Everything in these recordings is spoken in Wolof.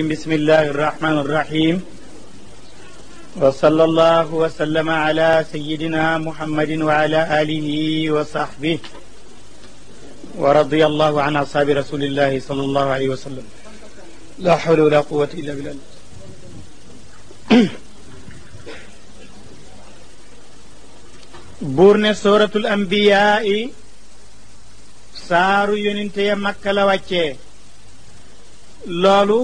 بسم الله الرحمن الرحيم وصلى الله وسلم على سيدنا محمد وعلى آله وصحبه ورضي الله عن أصحاب رسول الله صلى الله عليه وسلم لا حول ولا قوة إلا بالله بورن سورة الأنبياء سارو ينتهي مكة لوكي لولو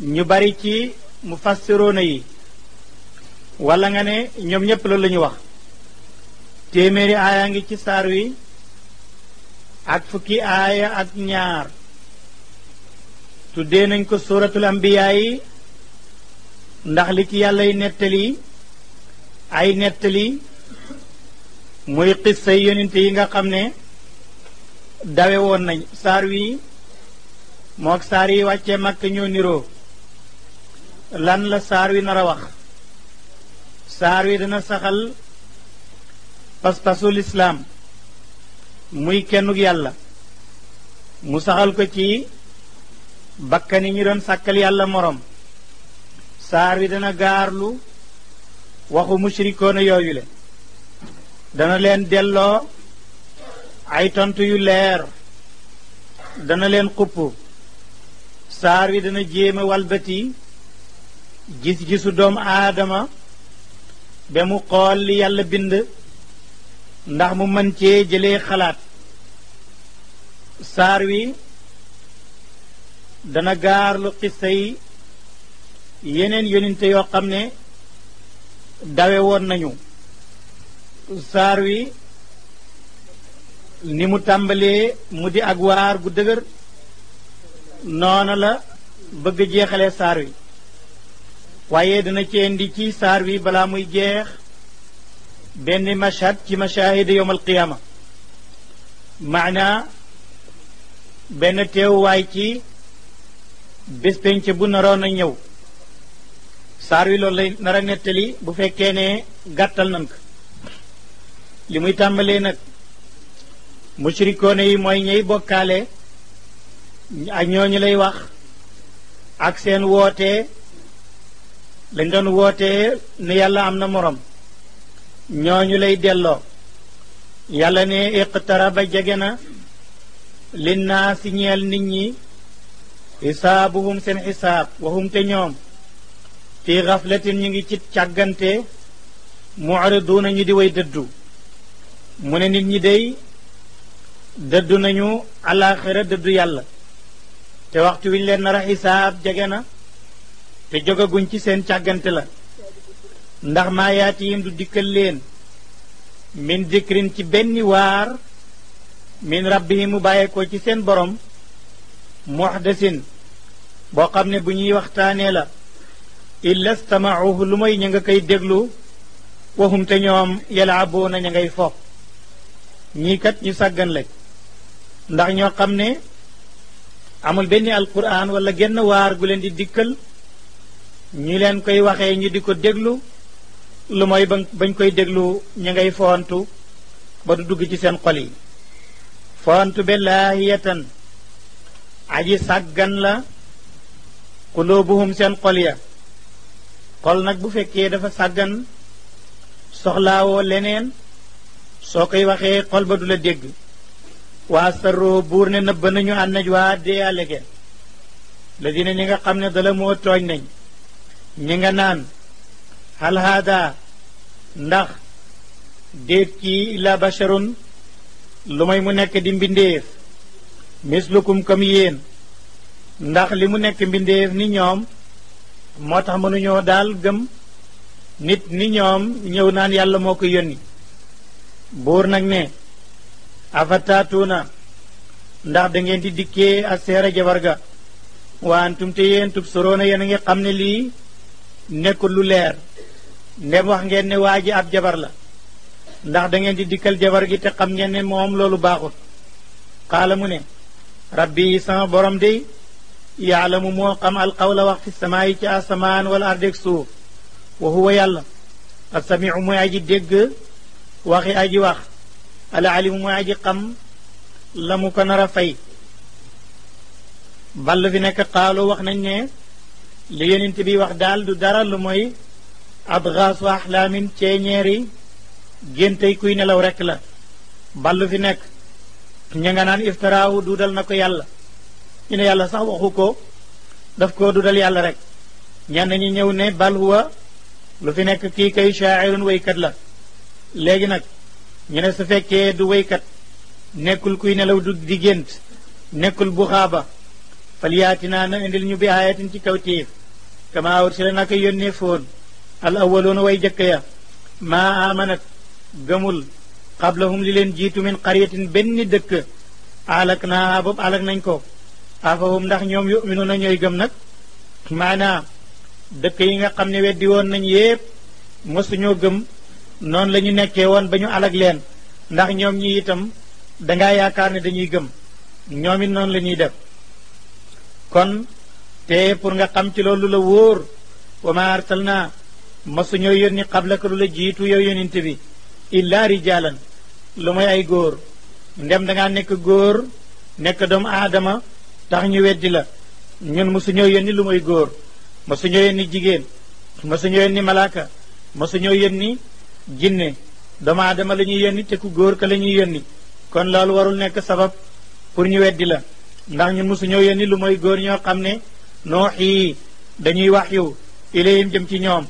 ñu bari ci mu fas mufassiroona yi wala nga ne ñoom ñépp loolu la ñu wax téeméeri aaya ngi ci saar wi ak fukki aaya ak ñaar tuddee nañ ko suratul ambiyaa yi ndax li ci yàllay nettali ay nettali muy xissa yi yonente yi nga xam ne dawe woon nañ saar wi mook saar yi wàccee màkk ñoo niroo lan la saar wi nar a wax saar wi dana saxal pas-pasu lislaam muy kennug yàlla mu saxal ko ci bakkani ñi doon sàkkal yàlla moroom saar wi dana gaarlu waxu mushrikoona yooyu le dana leen delloo ay tont yu leer dana leen xupp saar wi dana jéem a walbati gis-gisu doomu aadama be mu xool li yàlla bind ndax mu mën cee jëlee xalaat saar wi dana gaar gaarlu xissa yi yeneen yonente yoo xam ne dawe woon nañu saar wi ni mu tàmbalee mu di ak waar gu dëgër noona la bëgg jeexale saar wi waaye dana ci di ci saar wi balaa muy jeex benn mashhad ci mashahida yowm alqiyaama maanaa benn teewwaay ci bés bu naroon a ñëw saar wi loolu lay nettali bu fekkee ne gàttal nan ko li muy tàmbalee nag mushrikoone yi mooy ñey bokkaale ak ñooñu lay wax ak seen woote lañ doon wootee ne yàlla am na morom ñooñu lay delloo yàlla ne iqtaraba jege na linnaasi ñeel nit ñi xisaabuhum seen xisaab waxum te ñoom fii xaflatin ñu ngi ci càggante mucriduuna ñu di way dëddu mu ne nit ñi dey dëddu nañu alaxira dëddu yàlla te waxtu wiñ leen nar a xisaab jege na te jógaguñ ci seen càggante la ndax maa yaatihim du dikkal leen min dikrin ci benn waar min rabbihim mu bàyyeekoo ci seen boroom borom desin boo xam ne bu ñuy waxtaanee la illa stamauhu lu mooy ña nga koy déglu waxum te ñoom yalaaboona ña ngay fo ñii kat ñu sàggan lañ ndax ñoo xam ne amul benn alquran wala genn waar gu leen di dikkal ñi leen koy waxee ñu di ko déglu lu mooy bañ koy déglu ñu ngay foontu ba du dugg ci seen xol yi foontu be laahiyatan aji sàggan la qulubuhum seen xol ya xol nag bu fekkee dafa sàggan soxlaawoo leneen soo koy waxee xol ba du la dégg waa saroo buur ne nëbb nañu ànnaj waa deyaale ge la dina ñi nga xam ne dala moo tooñ nañ ñi nga naan hal ndax déet kii illa basharun lu may mu nekk di mbindéef mislukum comme yéen ndax li mu nekk mbindéef ni ñoom moo tax mënuñoo daal gëm nit ni ñoom ñëw naan yàlla moo ko yónni buur nag ne afataatuuna ndax da ngeen di dikkee ak seera jabar ga waantum te yéen tub soroona yéen a ngi xam ne lii nekkul lu leer ndem wax ngeen ne waa ji ab jabar la ndax dangeen di dikkal jabar gi te xam ngeen ne moom loolu baaxut qaala mu ne rabbi sama borom de yaalamu moo xam alqawla wax fi samaa yi ci asamaan wala ardeeg suuf wa huwa yàlla assamiu mooy aji dégg waxi aji wax al alimu mooy aji xam la ko nar a fay ball fi nekk xaalo wax nañ ne li yonent bi wax daal du dara lu mooy abgaasu axlaamin ceeñeeri génte kuy nelaw rekk la ballu fi nekk ña nga naan iftaraahu duudal na ko yàlla ñu ne yàlla sax waxu ko def ko duudal yàlla rek ñenn ñu ñëw ne bal huwa lu fi nekk kii kay shaairun waykat la léegi nag ñu ne sa fekkee du waykat nekkul kuy nelaw du di gént nekkul bu buxaaba fal yaatinaa na indil ñu bi aayatin ci kaw téef kama ursila naka yónnee foon al awwaloona way jëkk ya maa amanat gëmul qablahum li leen jiitu min qaryatin benn dëkk alak naa boobu alak nañ ko afahum ndax ñoom yuminuuna nañooy gëm nag maanaa dëkk yi nga xam ne weddi woon nañ yépp suñoo gëm noonu la ñu nekkee woon ba ñu alak leen ndax ñoom ñi itam dangaa yaakaar ne dañuy gëm ñoomit it noonu la ñuy def kon te pour nga xam ci loolu la wóor wa ma arsalna masu ñoo yónni xablaka lu la jiitu yow yónent bi illa rijalan lu mooy ay góor ndem danga nekk góor nekk doomu aadama tax ñu weddi la ñun masu ñoo yónni lu mooy góor masu ñoo yónni jigéen masu ñoo yónni malaaka masu ñoo yónni jinne doomu aadama la ñuy yónni te ku góor ka la ñuy yónni kon loolu warul nekk sabab pour ñu weddi la ndax ñun mosu ñëw yónni lu mooy góor ñoo xam ne noox yi dañuy wax yu ilayhim jëm ci ñoom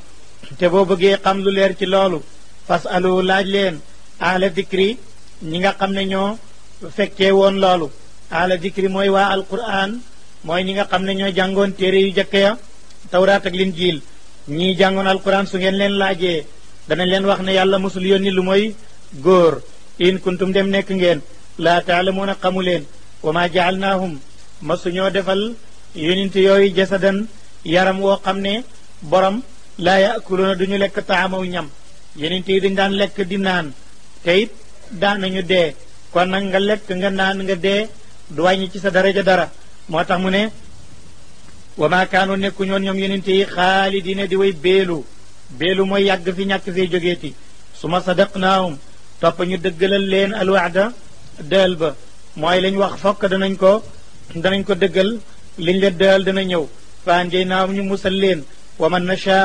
te boo bëggee xam lu leer ci loolu fas alu laaj leen ahla dikri ñi nga xam ne ñoo fekkee woon loolu ahla dikri mooy waa alquran mooy ñi nga xam ne ñoo jàngoon téere yu jëkk ya tawraat ak linjiil ñii jàngoon alquran su ngeen leen laajee danañ leen wax ne yàlla mosul yéen yónni lu mooy góor in kuntum dem nekk ngeen laa taalamuuna xamu leen wama jaalnaahum suñoo defal yonent yooyu jasadan yaram woo xam ne borom laa yaakuluuna duñu lekk taamaw ñam yonent yi dañu daan lekk di naan te it daanañu dee kon nag nga lekk nga naan nga dee du wàññi ci sa daraja dara moo tax mu ne wamaa kaanu nekku ñoon ñoom yonent yi xaalidiina di way beelu beelu mooy yàgg fi ñàkk fee jógeeti su ma sadaqnaahum topp ñu dëggalal leen alwaada dël ba mooy li wax fokk danañ ko danañ ko dëggal liñ leen dëgal dana ñëw fa anjay naa ñu musal leen wa man na nasha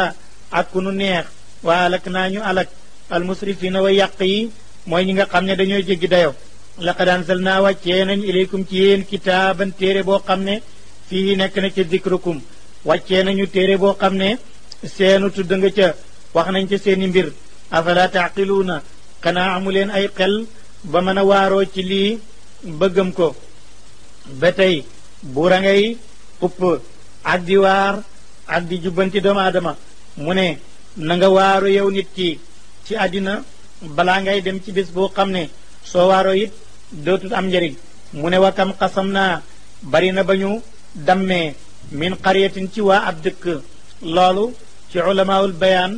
ak ku nu neex waa alak naa ñu alak almusrifina wa yàq yi mooy ñi nga xam ne dañoo jéggi dayo laqad anzalnaa wàccee nañ ilaykum ci yéen kitaaban téere boo xam ne fii nekk na ci dikrukum wàccee nañu téere boo xam ne seenu tudd nga ca wax nañ ca seeni mbir afala taaqiluuna xanaa amu leen ay xel ba mën a waaroo ci lii bëggam ko ba tey buura ngay xupp ak di waar ak di jubbanti doomu aadama mu ne na nga waaru yow nit ki ci àddina balaa ngay dem ci bis boo xam ne soo waaroo it dootut am njëriñ mu ne wa kam xasam naa bari na ba ñu dammee min xariyatin ci waa ab dëkk loolu ci ulamaawul bayaan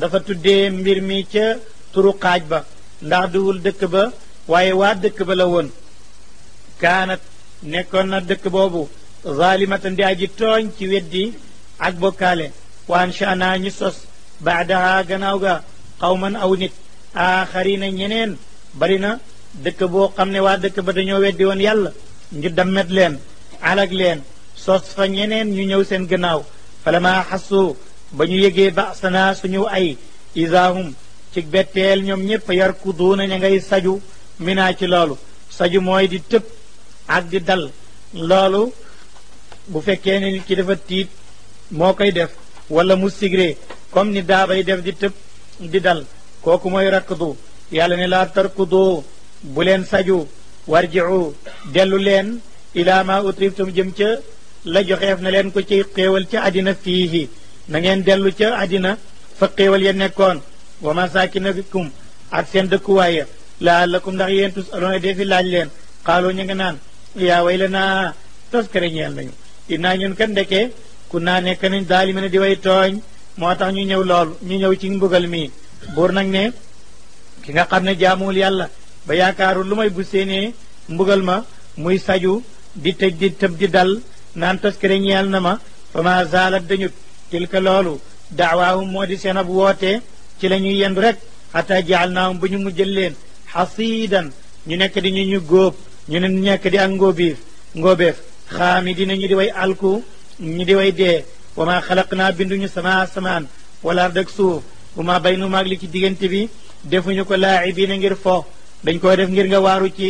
dafa tuddee mbir mi ca turu xaaj ba ndax duwul dëkk ba waaye waa dëkk ba la woon kaanat nekkoon na dëkk boobu zalimatan di aji tooñ ci weddi ak bokkaale wa anshaana ñu sos baadaha gannaaw ga xawman aw nit aaxarina ñeneen bari na dëkk boo xam ne waa dëkk ba dañoo weddi woon yàlla ñu dammet leen alag leen sos fa ñeneen ñu ñëw seen gannaaw falama xasu ba ñu yégee basana suñu ay isaahum ci betteel ñoom ñépp yarkuduuna ña ngay saju minaa ci loolu saju mooy di tëpp ak di dal loolu bu fekkee ne nit ki dafa tiit moo koy def wala mu sigré comme ni daabay def di tëb di dal kooku mooy rakdu yàlla ne laa tarkudu bu leen saju warjiu dellu leen ilaa ma utriftum jëm ca la joxeef na leen ko ci xéewal ca àddina fiihi na ngeen dellu ca àddina fa xéewal ya nekkoon wa masakinakum ak seen laa laallakum ndax yéen tus aloona defi laaj leen xaaloo ñu nga naan yaa way la naa taskare ñeel nañu innaa ñun kan ndeke ku naa nekk nañ daalime ne di way tooñ moo tax ñu ñëw lool ñu ñëw ci mbugal mi buur nag ne ki nga xam ne jaamuwul yàlla ba yaakaaru lu may bu séenee mbugal ma muy saju di tëj di tëb di dal naan taskare ñeel na ma fa ma zaalat dañut tilka loolu daawaahum moo di seen ab woote ci lañuy ñuy yendu rek xataa jaal naahum ba ñu mujjël leen xasiidan ñu nekk di ñu ñu góob ñu ne ñekk di ak ngóobiif ngóobeef xaami ñu di way alku ñu di way dee wa maa xalaq naa binduñu sama asamaan wala ard ak suuf bu ma bay nu maag li ci diggante bi defuñu ko laacibiina ngir fo dañ koy def ngir nga waaru ci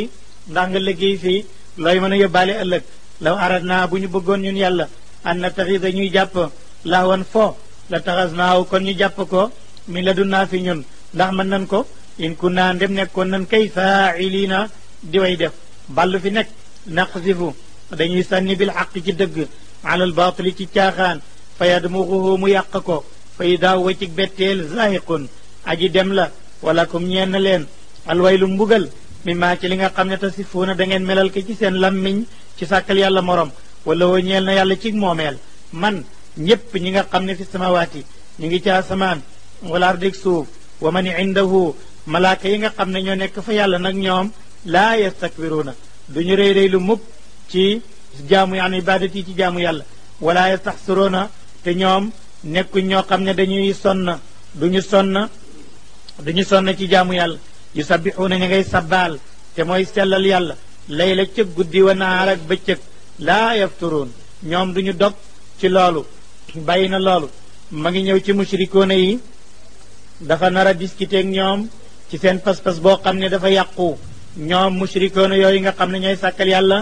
ndax nga liggéey fii looy ma a yóbbaale ëllëg law arat naa bu ñu bëggoon ñun yàlla an na taxida ñuy jàpp lahwan foo la taxas naaw kon ñu jàpp ko mi la dun naa fi ñun ndax mën nan ko in kun naa ndem nekkoon nan kay faa'iliina di way def ballu fi nekk naqsifu dañuy sànni bil xaq ci dëgg alal baatili ci caaxaan fa yadmuxuhu mu yàq ko fa idaa wa ci betteel zaahiqun aji dem la wala kum ñeen na leen alwaylu mbugal mi maa ci li nga xam ne te sifuuna da ngeen melal ko ci seen lammiñ ci sàkkal yàlla moroom wala woo ñeel na yàlla ci moomeel man ñépp ñi nga xam ne fi samawaati ñu ngi ci asamaan wala ardik suuf wa man indahu malaaka yi nga xam ne ñoo nekk fa yàlla nag ñoom laa yastakbiruuna du ñu rëy rëy lu mukk ci jaamu an ibadat yi ci jaamu yàlla wala yastaxsiruuna te ñoom nekkuñ ñoo xam ne dañuy sonn du ñu sonn du sonn ci jaamu yàlla yu sabbixuuna ñi ngay sabbaal te mooy sellal yàlla layla ca guddi wa naar ak bëccëg laa yafturuun ñoom du ñu dog ci loolu bàyyi na loolu ma ngi ñëw ci mushrikoona yi dafa nara a ñoom ci seen pas-pas boo xam ne dafa yàqu ñoom mushrikoona yooyu nga xam ne ñooy sàkkal yàlla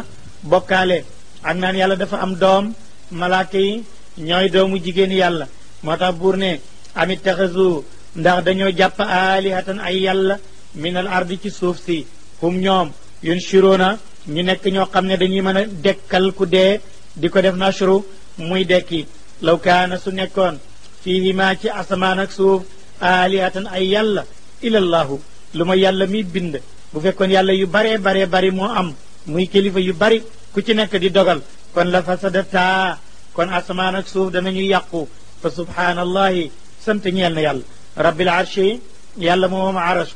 bokkaale ak naan yàlla dafa am doom malaaka yi ñooy doomu jigéen yàlla moo tax buur ne amit taxasu ndax dañoo jàpp aalihatan ay yàlla minal ardi ci suuf si hum ñoom yun shiroona ñu nekk ñoo xam ne dañuy mën a dekkal ku dee di ko def nashru muy dekki law su nekkoon fiihima ci asamaan ak suuf aalihatan ay yàlla ilallaahu lu ma yàlla mi bind bu fekkoon yàlla yu baree baree bari moo am muy kilifa yu bari ku ci nekk di dogal kon la fasadata kon asamaan ak suuf danañu yàqu fa subhaanallahi sant ñeel na yàlla rabbil arshi yàlla moomoom arash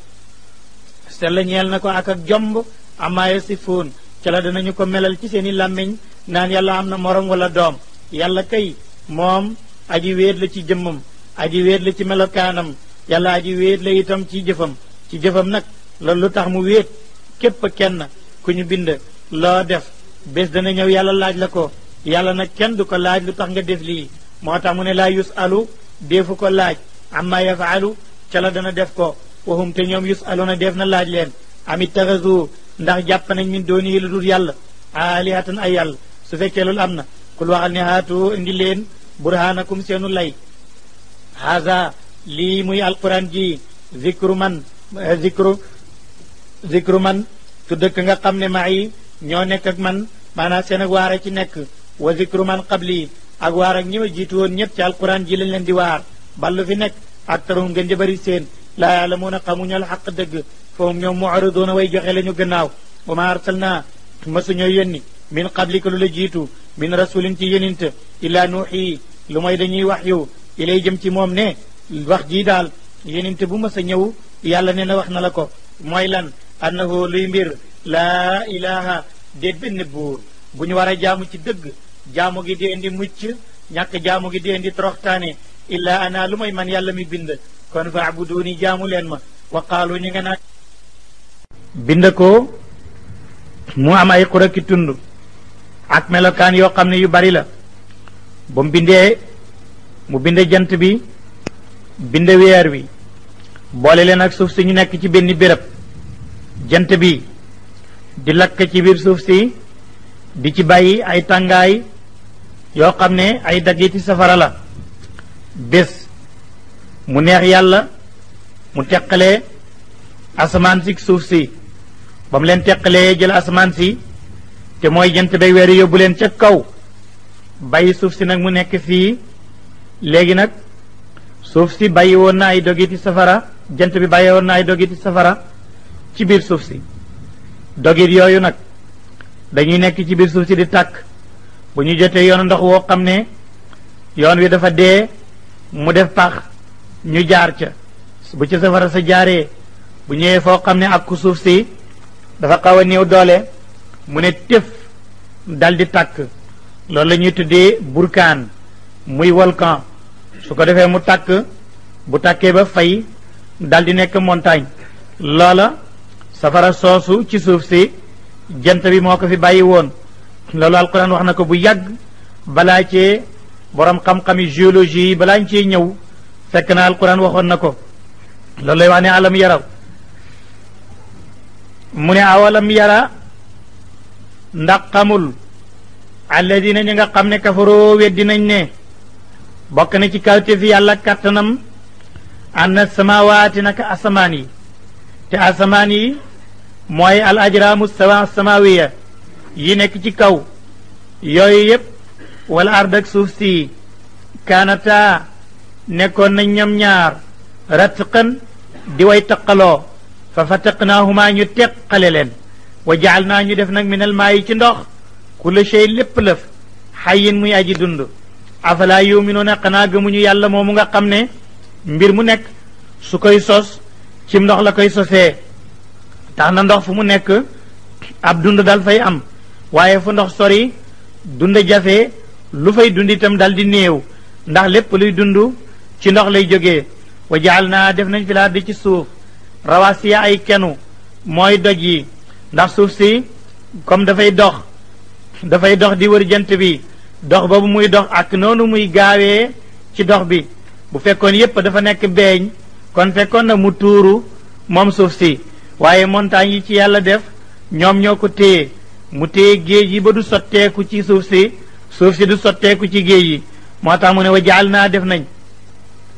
sell ñeel na ko ak ak jomb amaa yasifuun cala la danañu ko melal ci seen i làmmiñ naan yàlla am na morom wala doom yàlla kay moom aji wéet la ci jëmmam aji wéet la ci melokaanam yàlla aji wéet la itam ci jëfam ci jëfam nag loolu lu tax mu wéet képp kenn ku ñu bind loo def bés dana ñëw yàlla laaj la ko yàlla na kenn du ko laaj lu tax nga def lii moo tax mu ne laa yus alu deefu ko laaj amma yafaalu ca la dana def ko waxum te ñoom yus alu na def na laaj leen amit taxasu ndax jàpp nañ min dooni lu dul yàlla aalihatan ay yàlla su fekkee loolu am na kul waxal ne haatu indi leen burhanakum seenu lay haza lii muy alquran ji zikru man zikru zikru man su dëkk nga xam ne maa yi ñoo nekk ak man maanaam seen ak waar ci nekk wa zikru man qabli ak waar ak ñi jiitu woon ñëpp ci alquran ji lañ leen di waar ballu fi nekk ak tarum gën di bëri seen a yaalamuuna xamuñu alxaq dëgg foofu ñoom muaridoona way joxe la ñu gannaaw wa ma arsalna masuñoo yónni min qablika lu la jiitu min rasulin ci yóninte illaa nuuxi lu moy dañuy wax i lay jëm ci moom ne wax jii daal yóninte bu mas ñëw yàlla nee na wax na la ko mooy lan annahu luy mbir laa ilaha dee benn buur bu ñu war a jaamu ci dëgg jaamu gi di indi mucc ñàkk jaamu gi di indi toroxtaane illaa ana lu may man yàlla mi bind kon faabuduuni ma wa ñu nga bind ko mu am ay xuraki tund ak melokaan yoo xam ne yu bari la ba mu mu bind jant bi bind weer wi boole leen ak suuf si ñu nekk ci benn béréb jant bi di lakk ci biir suuf si di ci bàyyi ay tàngaay yoo xam ne ay daggiti safara la bés mu neex yàlla mu teqalee asamaan si suuf si ba mu leen teqale jël asamaan si te mooy jant bay weer yóbbu leen ca kaw bàyyi suuf si nag mu nekk fii léegi nag suuf si bàyyi woon na ay dogiti safara jant bi bàyyi woon na ay dogiti safara ci biir suuf si dogit yooyu nag dañuy nekk ci biir suuf si di tàkk bu ñu jotee yoonu ndox woo xam ne yoon wi dafa dee mu def pax ñu jaar ca bu ca safara sa jaaree bu ñëwee foo xam ne ak ku suuf si dafa xaw a néew doole mu ne tëf dal di tàkk loolu la ñuy tuddee burkaan muy volcan su ko defee mu tàkk bu tàkkee ba fay dal di nekk montagne loola safara soosu ci suuf si jant bi moo ko fi bàyyi woon loolu alquran wax na ko bu yàgg balaa cee boroom xam-xami géologie yi balaa ñu cee ñëw fekk na alquran waxoon na ko loolu lay wax ne alam yaraw mu ne awalam yara ndax xamul alladina ñi nga xam ne kafaroo weddi nañ ne bokk na ci kawte fi yàlla kàttanam ànd samawaati naka asamaan yi te asamaan yi mooy al ajraamu sawa samawiya yi nekk ci kaw yooyu yépp walla ard ak suuf sii kaanataa nekkoon nañ ñoom ñaar ratqan di way taqaloo fa fataqnaahumaa ñu teqale leen wa jaal naa ñu def nag minal maa yi ci ndox kulla shay lépp lëf xayin muy aji dund afalaa yuminuuna xanaa gëmuñu yàlla moomu nga xam ne mbir mu nekk su koy sos cim ndox la koy sosee tax na ndox fu mu nekk ab dund dal fay am waaye fu ndox sori dund jafe lu fay dund itam dal di néew ndax lépp luy dund ci ndox lay jóge wa jaal naa def nañ filaar di ci suuf rawaasiya ay kenu mooy doj yi ndax suuf si comme dafay dox dafay dox di wër jant bi dox boobu muy dox ak noonu muy gaawee ci dox bi bu fekkoon yépp dafa nekk beeñ kon fekkoon na mu tuuru moom suuf si waaye montagne yi ci yàlla def ñoom ñoo ko téye mu téye géej yi ba du sotteeku ci suuf si suuf si du sotteeku ci géej yi moo tax mu ne wa jaal naa def nañ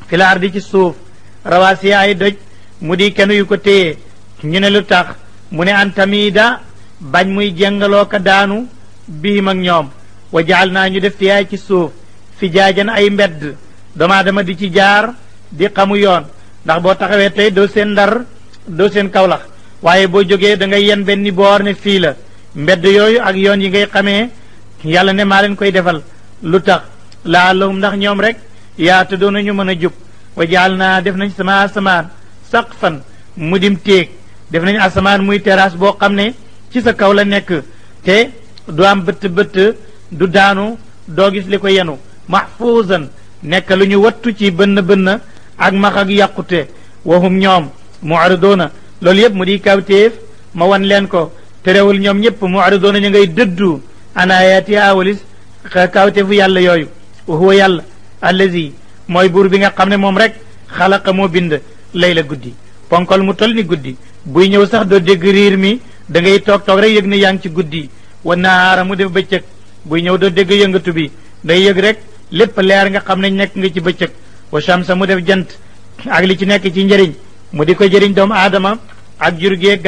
filaar di ci suuf rawaasi ay doj mu di kenn yu ko téye ñu ne lu tax mu ne an tamida bañ muy jëngaloo ko daanu biim ak ñoom wa jaal naa ñu def tiyaay ci suuf fi jaajan ay mbedd doomu aadama di ci jaar di xamu yoon ndax boo taxawee tey doo seen ndar doo seen kawlax waaye boo jógee da ngay yen benn boor ne fii la mbedd yooyu ak yoon yi ngay xamee yàlla ne maa leen koy defal lu tax laalahum ndax ñoom rek yaa te doon nañu mën a jub wa jaal naa def nañ sama asamaan fan mu dim téeg def nañ asamaan muy terrasse boo xam ne ci sa kaw la nekk te du am bëtt bëtt du daanu doo gis li ko yenu mahfuuzan nekk lu ñu wattu ci bënn bënn ak max ak yàqute waxum ñoom muaridoona loolu yëpp mu di kawtéef ma wan leen ko terewul ñoom ñëpp muaridoona ñu ngay dëddu an ayaatiha walis kawtéefu yàlla yooyu wa huwa yàlla allazi mooy buur bi nga xam ne moom rek xalaqa moo bind layla guddi ponkol mu tol ni guddi buy ñëw sax doo dégg riir mi da ngay toog toog rek yëg na yaa ngi ci guddi wa nahaara mu def bëccëg buy ñëw doo dégg yëngatu bi day yëg rek lépp leer nga xam ne nekk nga ci bëccëg wa shamsa mu def jant ak li ci nekk ci njëriñ mu di ko jëriñ doom adama ak jurge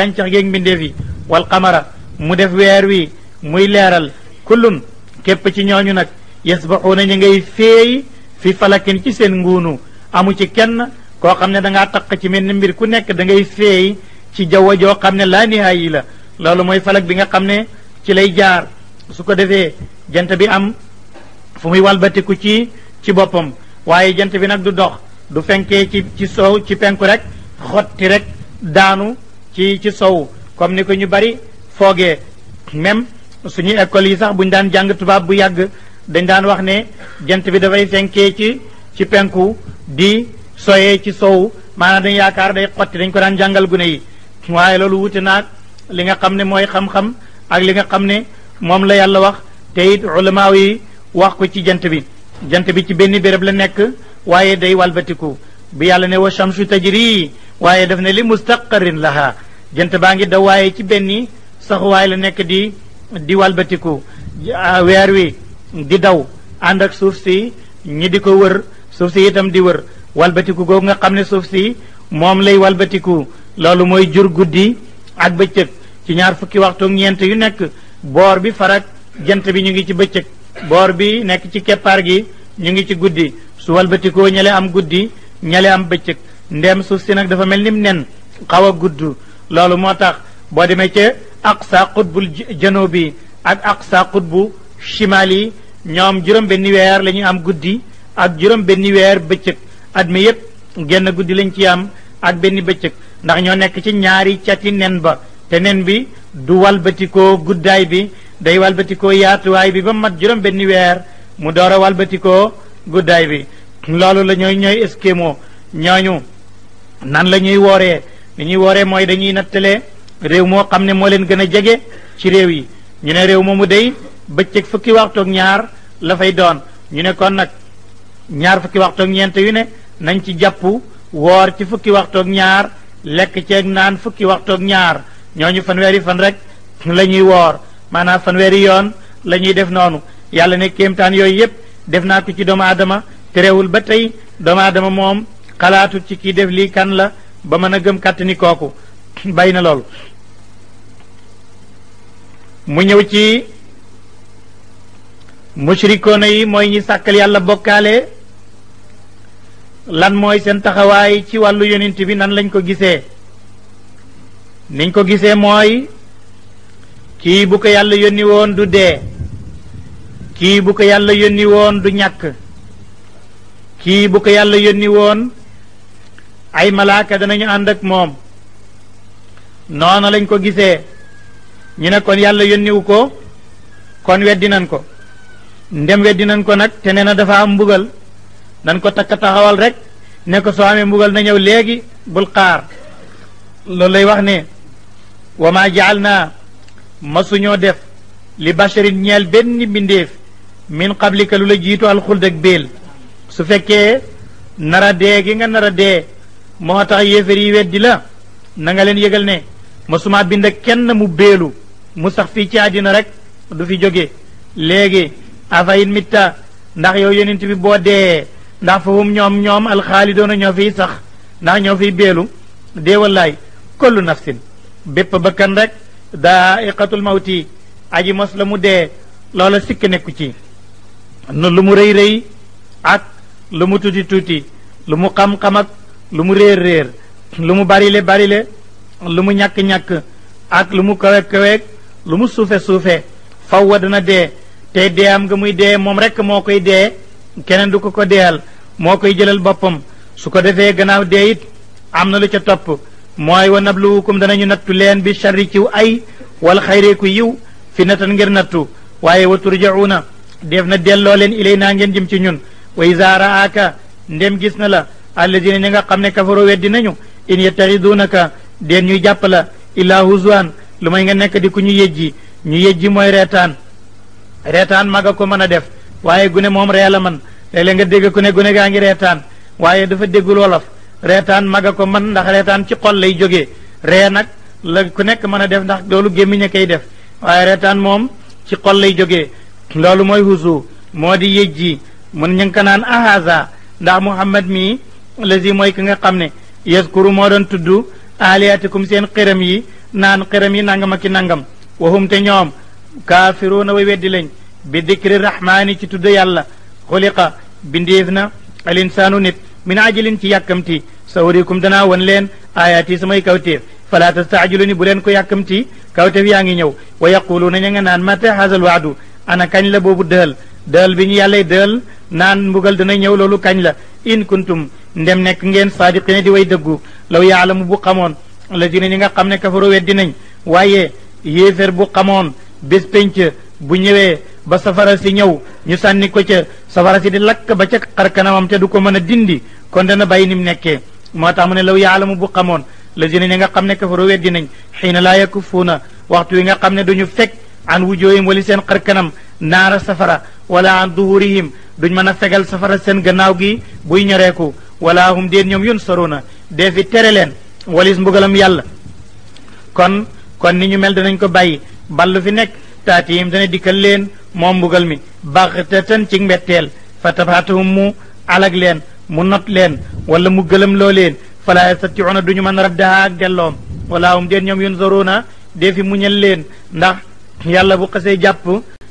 wal qamara mu def weer wi muy leral kullum kep ci ñooñu nak yasbahuna ñi ngay fey fi falakin ci seen ngunu amu ci kenn ko xamne da nga tak ci mel ni mbir ku nek da ngay fey ci jaww jo xamne la nihayi la lolu moy falak bi nga xamne ci lay jaar su ko defee jant bi am fu muy ku ci ci bopam waaye jant bi nak du dox du fenke ci ci ci penku rek xotti rek daanu ci ci sow comme ni ko ñu bari foogee même suñu école yi sax bu daan jàng tubaab bu yàgg dañ daan wax ne jant bi dafay fenkee ci ci penku di soyee ci sow maanaam dañ yaakaar day xotti dañ ko daan jàngal gune yi waaye loolu wuute naag li nga xam ne mooy xam-xam ak li nga xam ne moom la yàlla wax te it wax ko ci jant bi jant bi ci benn béréb la nekk waaye day walbatiku bi yàlla ne wa shamsu tajri waye daf ne li mustaqarrin laha jent baa ngi daw waaye ci benni saxuwaay la nek di di walbatiku weer wi di daw and ak suuf si ñi di ko wër suuf si itam di wër walbatiku googu nga xamne suuf si mom lay walbatiku lolu moy jur guddii ak beccëk ci ñaar fukki waxtu ñent yu nek bor bi farak jent bi ñu ngi ci beccëk bor bi nek ci keppaar gi ñu ngi ci guddii su walbatikoo ñale am guddii ñale am becek. ndem suuf si nag dafa mel ni mu nen xaw a gudd loolu moo tax boo demee ca aqsa qutbul janubi ak aqsa qutbu shimali ñoom juróom benni weer la ñuy am guddi ak juróom benni weer bëccëg at mi yépp genn guddi lañ ci am ak benn bëccëg ndax ñoo nekk ci ñaari cati nen ba te nen bi du walbatikoo guddaay bi day walbatikoo yaatuwaay bi ba mat juróom benni weer mu door a walbatikoo guddaay bi loolu la ñooy ñooy eskimo ñooñu nan la ñuy wooree li ñuy wooree mooy dañuy nattalee réew moo xam ne moo leen gën a jege ci réew yi ñu ne réew moomu day bëccëg fukki waxtoog ñaar la fay doon ñu ne kon nag ñaar fukki waxtoog ñeent yu ne nañ ci jàpp woor ci fukki waxtoog ñaar lekk ceeg naan fukki waxtoog ñaar ñooñu fanweeri fan rekk la ñuy woor maanaam fanweeri yoon la ñuy def noonu yàlla ne kéemtaan yooyu yépp def naa ci doomu aadama terewul ba tey doomu aadama moom xalaatut ci kii def lii kan la ba mën a gëm kàtt ni kooku bay na lool mu ñëw ci mushrikoona yi mooy ñi sàkkal yàlla bokkaale lan mooy seen taxawaay ci wàllu yonent bi nan lañ ko gisee niñ ko gisee mooy kii bu ko yàlla yónni woon du dee kii bu ko yàlla yónni du ñàkk kii bu ko yàlla yónni woon ay malaaka danañu ànd ak moom noona lañ ko gisee ñu ne kon yàlla yónniwu ko kon weddi nan ko ndem weddi nan ko nag te nee na dafa am mbugal dañ ko takk taxawal rek nekk ko soo amee mbugal na ñëw léegi bul xaar loolu lay wax ne wa maa jaal naa masuñoo def li basharin ñeel benn mbindéef min qablika lu la jiitu alxuld ak béel su fekkee nara dee gi nga nara dee moo tax yéefér yi weddi la na nga leen yëgal ne mosuma bind kenn mu bélu mu sax fii ci àddina rek du fi jóge léegi afayin mitta ndax yow yonent bi boo dee ndax fahum ñoom ñoom alxaalidoona ñoo fiy sax ndax ñoo fiy béelu dee wallaay kullu nafsin bépp bakkan rek daa iqatul mawti aji mos la mu dee loola sikk nekku ci nu lu mu rëy rëy ak lu mu tuuti tuuti lu mu xam-xam lu mu réer réer lu mu bari le bari barile lu mu ñàkk-ñàkk ak lu mu kawe-kaweeg lu mu suufe-suufe faw wa dana dee te dee am nga muy dee moom rekk moo koy dee keneen du ko ko deeyal moo koy jëlal boppam su ko defee gannaaw dee it am na lu ca topp mooy wa nabluwukum danañu nattu leen bi charri ciw ay wal xayri ku yiw fi natan ngir nattu waaye wa na def na delloo leen ilay naa ngeen jëm ci ñun wa iza raaka ndem gis na la alladina ñi nga xam ne kafaru weddi nañu in yettaxiduunaka deen ñuy jàpp la illaa lu may nga nekk di ku ñu yejji ñu yejji mooy reetaan reetaan mag ko mën a def waaye gune moom ree man léeg nga dégg ku ne gune gaa ngi reetaan waaye dafa déggul wolof reetaan mag a ko man ndax reetaan ci xol lay jógee ree nag la ku nekk mën a def ndax loolu gémmiñ a koy def waaye reetaan moom ci xol lay jógee loolu mooy huzu moo di yejji mun ñu ngi ko naan ahaza ndax muhammad mii lazi mooy ki nga xam ne yaskuru moo doon tudd aliyatikum seen xiram yi naan xiram yi nangam ak i nangam wahum te ñoom kaafiruuna way weddi lañ bi dikri rahmaani ci tudd yàlla xuliqa bindeef na al insaanu nit min ajilin ci yàkkamti sawrikum danaa won leen ayaati samay kawteef fala tastaajiluni bu leen ko yàkkamti kawteef yaa ngi ñëw wa yaquluuna ña nga naan mata haazal waadu ana kañ la boobu dëhal dëhal bi ñu yàllay dëhal naan mbugal dana ñëw loolu kañ la in kuntum ndem nekk ngeen saadiqina di way dëggu law yaalamu bu xamoon la dina ñi nga xam ne kafaru weddi nañ waaye yéeféer bu xamoon bés pénc bu ñëwee ba safara si ñëw ñu sànni ko ca safara si di lakk ba ca xar kanamam te du ko mën a dindi kon dana bàyyi ni mu nekkee moo tax mu ne law yaalamu bu xamoon la dina ñi nga xam ne kafaru weddi nañ xiina laa yakufuuna waxtu wi nga xam ne duñu fekk an wujoohim wali seen xarkanam naara safara wala an duhurihim duñ mën a fegal safara seen gannaaw gi buy ñoreeku wala hum déen ñoom yun soruna dee fi tere leen walis mbugalam yàlla kon kon ni ñu mel danañ ko bàyyi ballu fi nekk taatihim dana dikkal leen moom mbugal mi baxtatan ci mbetteel fa tabaatuhum mu alag leen mu not leen wala mu gëlëm loo leen fala yastatiuna duñu mën raddaha ak delloom wala hum déen ñoom yun soruna dee fi muñal leen ndax yàlla bu xasee jàpp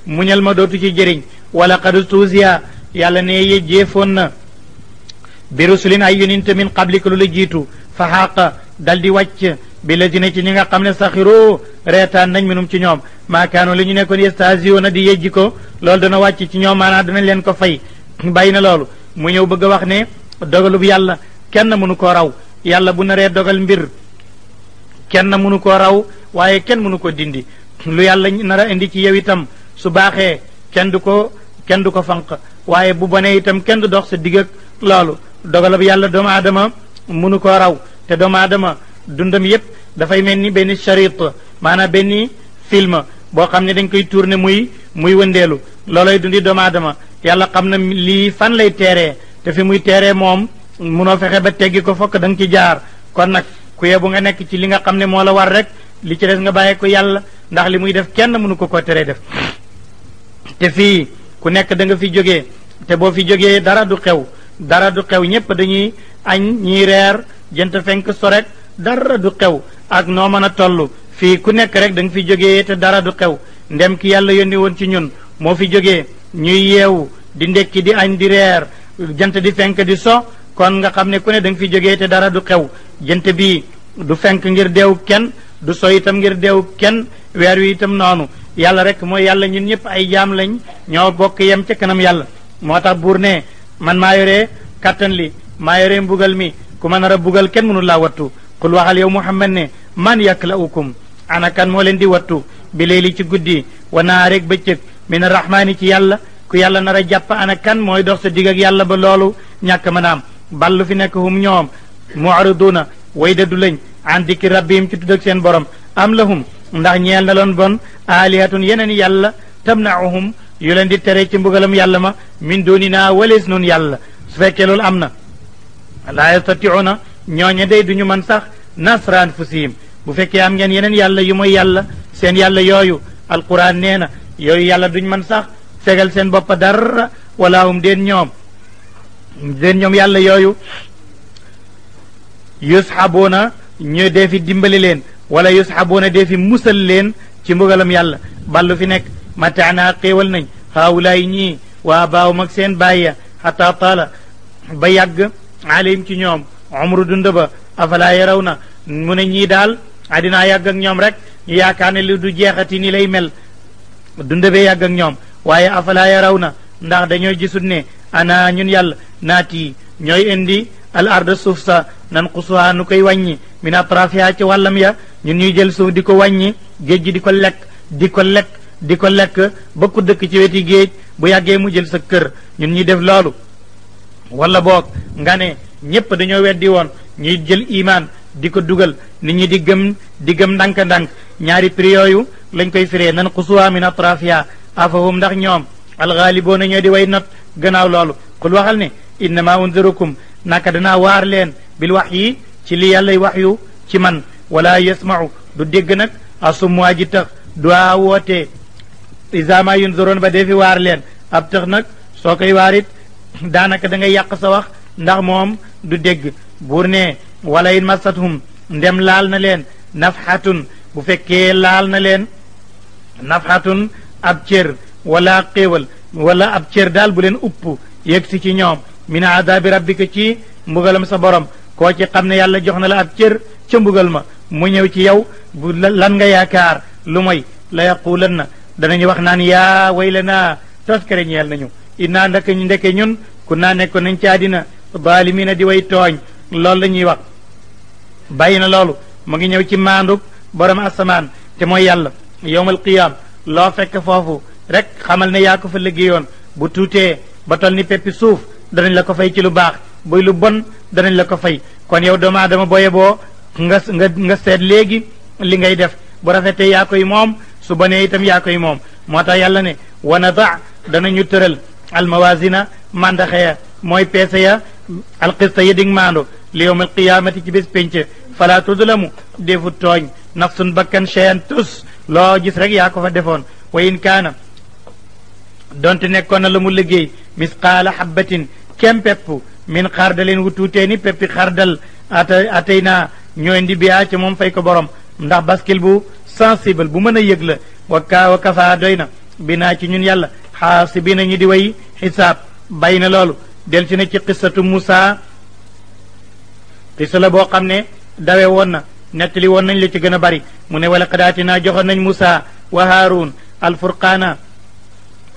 muñal ma dootu ci jëriñ wala qad tuusiya yàlla ne yejjeefoon na bi rusulin ay yonent min qablika lu la jiitu fa dal di wàcc bi la ne ci ñi nga xam ne saxiroo reetaan nañ minum ci ñoom maakaano li ñu nekkoon yestaasio na di yejji ko loolu dana wàcc ci ñoom maanaa danañ leen ko fay bàyyi na loolu mu ñëw bëgg a wax ne dogalub yàlla kenn mënu koo raw yàlla bu naree dogal mbir kenn mënu ko raw waaye kenn mënu ko dindi lu yàlla nara indi ci yow itam su baaxee kenn du ko kenn du ko fanq waaye bu bonee itam kenn du dox sa digg ak loolu dogalab yàlla doomu aadama munu koo raw te doomu aadama dundam yépp dafay mel ni benn charit maanaam benn film boo xam ne dañ koy tourné muy muy wëndeelu loolay dundi doomu aadama yàlla xam na lii fan lay teeree te fi muy teeree moom munoo fexe ba teggi ko fokk dang ci jaar kon nag ku yebu nga nekk ci li nga xam ne la war rek li ci des nga ko yàlla ndax li muy def kenn mënu ko ko teree def te fii ku nekk da nga fi jóge te boo fi jógee dara du xew dara du xew ñépp dañuy añ ñiy reer jënt fenk sorek dara xew ak noo mën a toll fii ku nekk rek da nga fi jógee te dara du xew ndem ki yàlla yónni woon ci ñun moo fi jógee ñuy yeewu di ndekki di añ di reer jant di fenk di so kon nga xam ne ku ne da nga fi jógee te dara du xew jant bi du fenk ngir deew kenn du sooy itam ngir deewu kenn weer wi itam noonu yàlla rek mooy yàlla ñun ñëpp ay jaam lañ ñoo bokk yem ca kanam yàlla moo tax buur ne man maa yoree kattan li maa yoree mbugal mi ku ma nar a bugal kenn mënu laa wattu xul waxal yow muhammad ne man yaklaukum ana kan moo leen di wattu bi léeli ci guddi wa naa rek bëccëg min arrahmaani ci yàlla ku yàlla nar a jàpp ana kan mooy dox sa digg ak yàlla ba loolu ñàkk manaam bal lu fi nekk hum ñoom muariduuna way dadu lañ an dikki rabbihim ci tudd ak seen borom am ndax ñeel na loon bon aalihatun yeneen yàlla tamnaahum yu leen di tere ci mbugalam yàlla ma min dunina walees nun yàlla su fekkee loolu am na laa yastatiuna ñooñe day duñu man sax nasra anfusihim bu fekkee am ngeen yeneen yàlla yu mooy yàlla seen yàlla yooyu alquran nee na yooyu yàlla duñ man sax fegal seen boppa dara wala hum deen ñoom deen ñoom yàlla yooyu yusxabuuna ñu dee fi dimbali leen wala yusxabuuna dee fi musal leen ci mbugalam yàlla ballu fi nekk ma mataanaa xéewal nañ xaawulaay ñii waa baawum ak seen bàyya xataa taala ba yàgg alayhim ci ñoom umru dund ba afalaa yaraw na mu ne ñii daal àddinaa yàgg ak ñoom rek ñu yaakaar ne lu du jeexati ni lay mel dund bee yàgg ñoom waaye afalaa yaraw na ndax dañoo gisut ne ana ñun yàlla naati ñooy indi al arda suuf sa nan xusuwaa nu koy wàññi min atrafiha ci wàllam ya ñun ñuy jël suuf di ko wàññi géej gi di ko lekk di ko lekk di ko lekk ba ku dëkk ci weti géej bu yàggee mu jël sa kër ñun ñuy def loolu wala boog nga ne ñépp dañoo weddi woon ñuy jël imaan di ko dugal nit ñi di gëm di gëm ndànk-ndànk ñaari prix yooyu lañ koy firee nan xusuwaa min atrafiha afahum ndax ñoom alxaaliboona ñoo di way not gannaaw loolu xul waxal ne innama unzirukum naka danaa waar leen bil wax yi ci li yàllay wax yu ci man wala yasmau du dégg nag asumwaa ji tax duwaa woote isama yun zoroon ba dee fi waar leen ab tax nag soo koy waarit daanaka dangay yàq sa wax ndax moom du dégg buur ne wala in masathum ndem laal na leen nafxatun bu fekkee laal na leen nafxatun ab cër wala xéewal wala ab cër daal bu leen upp yegsi ci ñoom min adabi rabbika ci mbugalam sa borom koo ci xam ne yàlla jox na la ab cër ca mbugal ma mu ñëw ci yow bu lan nga yaakaar lu moy la yaqulan na danañu wax naan yaa waylanaa toskare ñeel nañu innaa ndekk ñu ndekke ñun ku naa nekkoon nañ ci àddina baalimiina di way tooñ loolu la ñuy wax bàyyi na loolu mu ngi ñëw ci maanduk borom asamaan te mooy yàlla yowmal qiyaam loo fekk foofu rek xamal ne yaa ko fa liggéeyoon bu tuutee ba tol ni peppi suuf danañ la ko fay ci lu baax buy lu bon danañ la ko fay kon yow doomu aadama boo nga nga seet léegi li ngay def bu rafetee yaa koy moom su bonee itam yaa koy moom moo tax yàlla ne wa nada ñu tëral almawasina mandaxe ya mooy peese ya alqista yi ding maandu li yowm alqiyaamati ci bis pénc fala tudlamu defu tooñ nafsun bakkan cheyan tus loo gis rek yaa ko fa defoon wa kaana donte nekkoon na la mu liggéey misqaala xabbatin kem pepp min xardalin wu tuutee ni péppi xardal ata atay naa ñooy ndi biyaa ca moom fay ko borom ndax baskil bu sensible bu mën a yëg la wa kaa wa doy na bi naa ci ñun yàlla xaasibiina ñu di way xisaab bay na loolu del ci na ci qissatu Moussa qissa boo xam ne dawe woon na nettali woon nañ la ci gën a bari mu ne wala xadaati naa joxoon nañ Moussa wa Haarun alfurqaana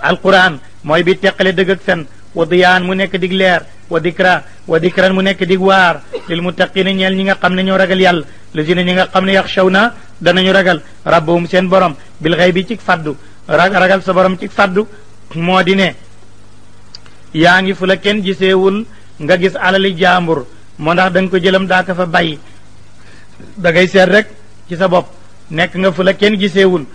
alquran mooy bi teqale dëgg ak fen wa diyaan mu nekk dig leer wadikra dikra wa dikran mu nek di war lil muttaqin ñal ñi nga xamne ñoo ragal yàlla lazina ñi nga xamne yakhshawna yaxshawna danañu ragal rabbahum seen borom bil ghaibi ci faddu ragal sa borom ci faddu moo di ne yaangi ngi fu la ken giseewul nga gis alali jambur mo ndax da ko jëlam da ka fa bay da ngay seet rek ci sa bop nek nga fu la ken giseewul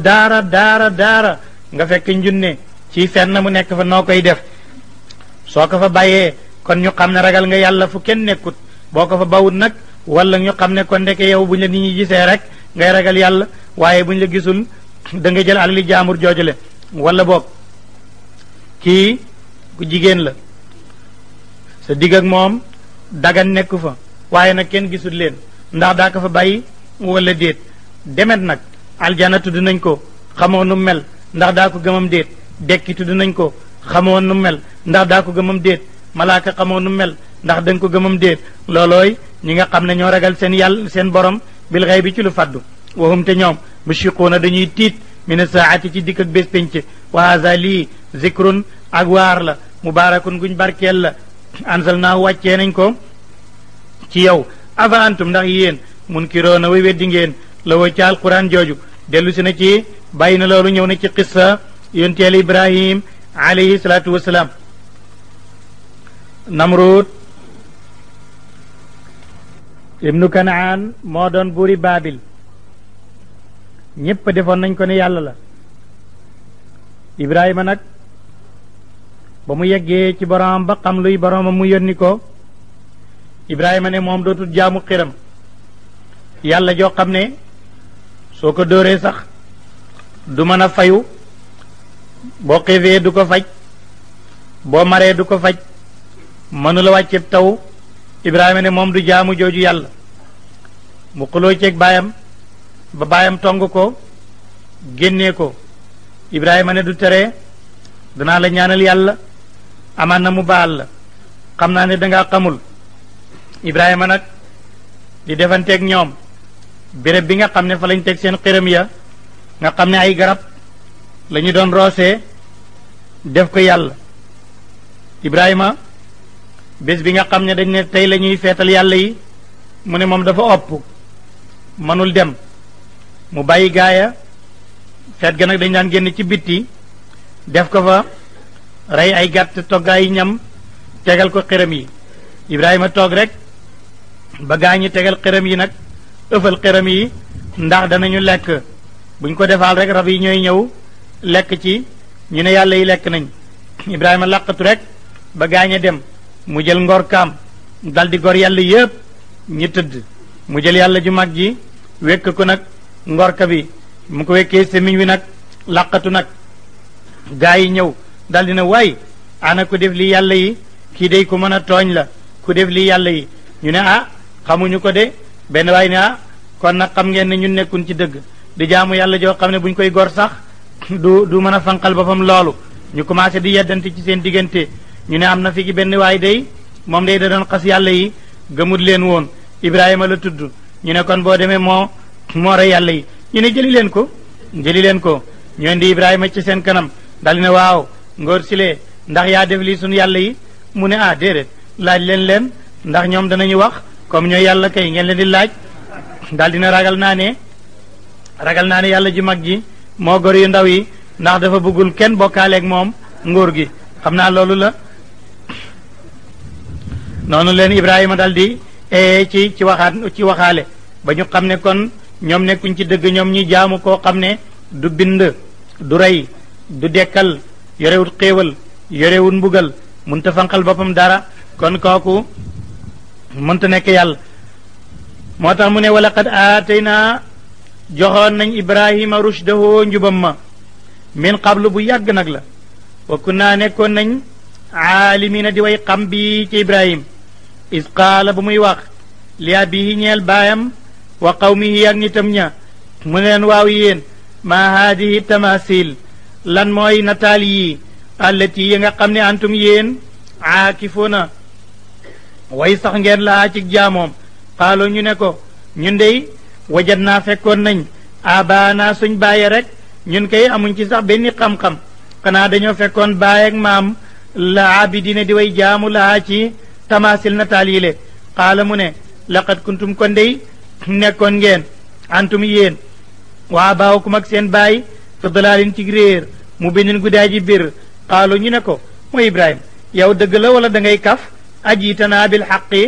dara dara dara nga fekk njunne ci fenn mu nek fa noo def soo ko fa bàyyee kon ñu xam ne ragal nga yàlla fu kenn nekkut boo ko fa bawut nag wala ñu xam ne kon ndeke yow bu ñu la nit gisee rek ngay ragal yàlla waaye bu la gisul dangay nga jël alali jaamur joojule walla boog kii ku jigéen la sa digg ak moom dagan nekku fa waaye nag kenn gisul leen ndax daa ko fa bàyyi walla déet demet nag aljana tudd nañ ko xamoo nu mel ndax daa ko gëmam déet dekki tudd nañ ko xamoon nu mel ndax daa ko gëmam déet malaaka xamoon nu mel ndax da ko gëmam déet loolooy ñi nga xam ne ñoo ragal seen yàlla seen borom bil bi ci lu faddu waxum te ñoom mushiquuna dañuy tiit mine saati ci dikk ak bés pénc wa lii zikrun ak waar la mubaarakun guñ barkeel la ansal naa wàccee nañ ko ci yow afa antum ndax yéen munkiroona way weddi ngeen la woo ca alquran jooju dellu si na ci bàyyi na loolu ñëw na ci qissa yonteelu ibrahim alayhi salaatu wasalaam namrud ibnu kanaan moo doon buuri baabil ñëpp defoon nañ ko ne yàlla la ibrahima nag ba mu yeggee ci boroom ba xam luy boroomam mu yónni ko ibrahima ne moom dootul jaamu xiram yàlla joo xam ne soo ko dóoree sax du mën a fayu boo xiifee du ko faj boo maree du ko faj mënula wàcce taw ibrahima ne moom du jaamu jooju yàlla mu xuloo ceeg baayam ba baayam tong ko génnee ko ibrahima ne du tere danaa la ñaanal yàlla amaan na mu baal la xam naa ne dangaa xamul ibrahima nag di defanteek ñoom béréb bi nga xam ne fa lañ teg seen xiram ya nga xam ne ay garab lañu doon rose def ko yàlla ibrahima bés bi nga xam ne dañ ne tey lañuy ñuy feetal yàlla yi mu ne moom dafa opp mënul dem mu bàyyi gaaya feet ga nag dañ daan génn ci bitti def ko fa rey ay gàtt toggaay ñam tegal ko xërëm yi ibrahima toog rek ba gaa ñi tegal xërëm yi nag ëfal xërëm yi ndax danañu lekk buñ ko defal rek rab yi ñooy ñëw lekk ci ñu ne yàlla yi lekk nañ Ibrahima làqatu rek ba gaañ a dem mu jël ngor kaam dal di gor yàlla yépp ñi tëdd mu jël yàlla ju mag ji wékk ko nag ngorka bi mu ko wekkee semiñ wi nag làqatu nag gaa yi ñëw daldi di na waay ana ku def lii yàlla yi kii dey ku mën a tooñ la ku def li yàlla yi ñu ne ah xamuñu ko de benn waay ne ah kon nag xam ngeen ne ñun ci dëgg di jaamu yàlla joo xam ne buñ koy gor sax du du mën a fanqal boppam loolu ñu commencé di yeddante ci seen diggante ñu ne am na fi ki benn waay day moom day da doon xas yàlla yi gëmut leen woon Ibrahima la tudd ñu ne kon boo demee moo moo rey yàlla yi ñu ne jëli leen ko jëli leen ko ñu indi Ibrahima ci seen kanam dal ne waaw ngóor silee ndax yaa def lii suñu yàlla yi mu ne ah déedéet laaj leen leen ndax ñoom danañu wax comme ñoo yàlla kay ngeen leen di laaj daal na ragal naa ne ragal naa ne yàlla ji mag ji moo gor yu ndaw yi ndax dafa bëggul kenn bokkaaleek moom nguur gi xam naa loolu la noonu leen Ibrahima dal di ci ci waxaat ci waxaale ba ñu xam ne kon ñoom nekkuñ ci dëgg ñoom ñi jaamu koo xam ne du bind du rey du dekkal yorewut xéewal yorewut mbugal mënta fanqal boppam dara kon kooku mënta nekk yàlla moo tax mu ne wala qad aataynaa joxoon nañ ibrahima rushdahu njubam ma min qablu bu yàgg nag la wa kunnaa nekkoon nañ aalimina di way xam bi ci ibrahim is qaala bu muy wax li abihi ñeel baayam wa qawmihi ak nitam ña mu leen waaw yéen maa haadihi tamasil lan mooy nataal yi allati yi nga xam ni antum yéen aakifuna way sax ngeen laa ci jaamoom xaalo ñu ne ko ñun dey wajat naa fekkoon nañ abaana suñ bàyyi rek ñun kay amuñ ci sax benn xam-xam xanaa dañoo fekkoon baay maam la abidina di way jaamu laa ci tamaasil na taal le xaala mu ne laqad kuntum kon dey nekkoon ngeen antum yéen waa baawukum ak seen baay fi dalaalin ci réer mu bindin guddaa ji bir ñu ne ko mooy ibrahima yow dëgg la walla dangay ngay kaf ajiitanaa bil xaqi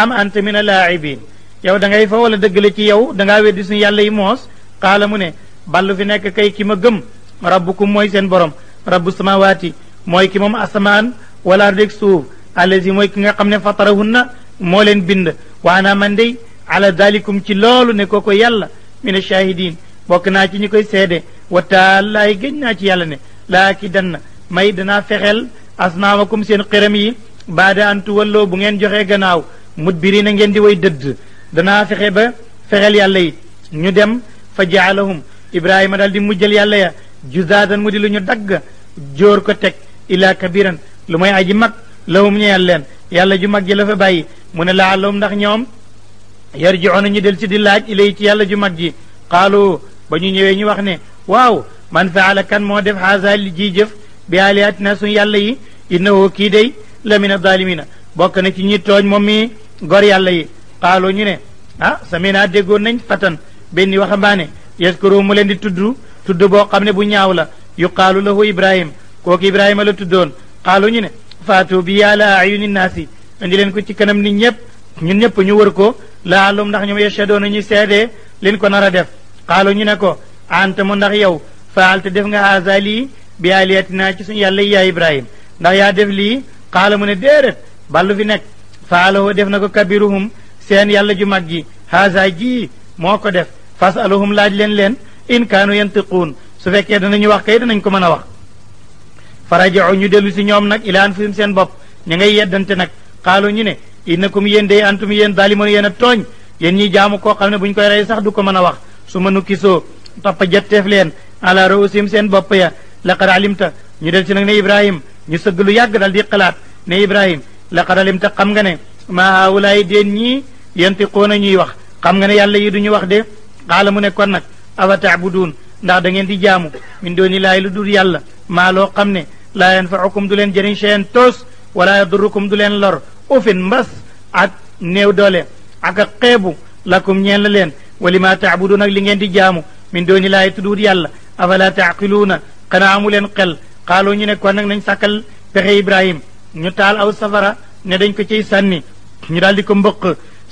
am anta min a laaibin yow dangay ngay fa wala dëggale ci yow da ngaa weddi suñu yàlla yi moos xaala mu ne ballu fi nekk kay ki ma gëm rabbukum mooy seen borom rabbu samawaati mooy ki moom asamaan wala rek suuf allazi mooy ki nga xam ne fatarahunna moo leen bind waanaa man dey ala dalikum ci loolu ne ko yàlla min ashahidin bokk naa ci ñi koy seede wa taalaay géñ naa ci yàlla ne laa ki dann may danaa fexeel asnaawakum seen xiram yi baada antu walloo bu ngeen joxee gannaaw mudbiri na ngeen di way dëdd danaa ba fexeel yàlla yi ñu dem fa jaalahum ibrahima daal di mujjal yàlla ju juzaadan mu di lu ñu dagg jóor ko teg ilaa kabiran lu moy aji mag lahum ñeyal leen yàlla ju mag ji la fa bàyyi mu ne laallahum ndax ñoom yarji'uuna ñu del ci di laaj ilay ci yàlla ju mag ji qaalu ba ñu ñëwee ñu wax ne waaw man faala kan moo def haasa li ji jëf bi alihatina suñu yàlla yi innahu kii day la mina zalimina bokk na ci ñi tooñ moom mi gor yàlla yi qaaloo ñu ne ah samina déggoon nañ fatan benn waxambaane yaskuroo mu leen di tudd tudd boo xam ne bu ñaaw la yuqaalu lahu ibrahim kooku ibrahima la tuddoon qaalu ñu ne faatu bi yàlla ayuni naasi indi leen ko ci kanam ni ñëpp ñun ñëpp ñu wër ko laalum ndax ñoom yashadoona ñu seede leen ko nar a def qaalu ñu ne ko anta mu ndax yow faalta def nga haasa lii bi aliyatinaa ci suñu yàlla yaa ibrahim ndax yaa def lii qaala mu ne déeret ballu fi nekk def na ko seen yalla ju maggi ji haasa ji moo def fasaluhum laaj len len in kanu yantiqun su fekkee danañu wax kay danañ ko mën wax farajoo ñu delu ci ñom nak ila anfusihim seen bop ñu ngay yeddante nak xaalu ñu ne innakum yéen day antum yéen zalimun yéen a yen ñi jaamu ko xamne buñ koy ray sax du ko mën wax su mënu kiso top jettef len ala ruusim seen bop ya laqad alimta ñu del ci nak ne ibrahim ñu seug lu yag dal di xalaat ne ibrahim laqad alimta xam nga ne ma haulay den ñi yantiquuna ñuy wax xam nga ne yàlla yi duñu wax de xaala mu ne kon nag awa taabuduun ndax da ngeen di jaamu min dooni laay lu dul yàlla maa loo xam ne laa yanfaukum du leen jëriñ seen toos wala yadurukum du leen lor ufin mbas ak néew doole ak a xeebu lakum ñeen la leen wali maa taabuduun ak li ngeen di jaamu min dooni laay tuduut yàlla afala taaqiluuna xanaa amu leen xel xaaloo ñu ne kon nag nañ sàkkal pexe ibrahim ñu taal aw safara ne dañ ko ciy sànni ñu daal di ko mbëq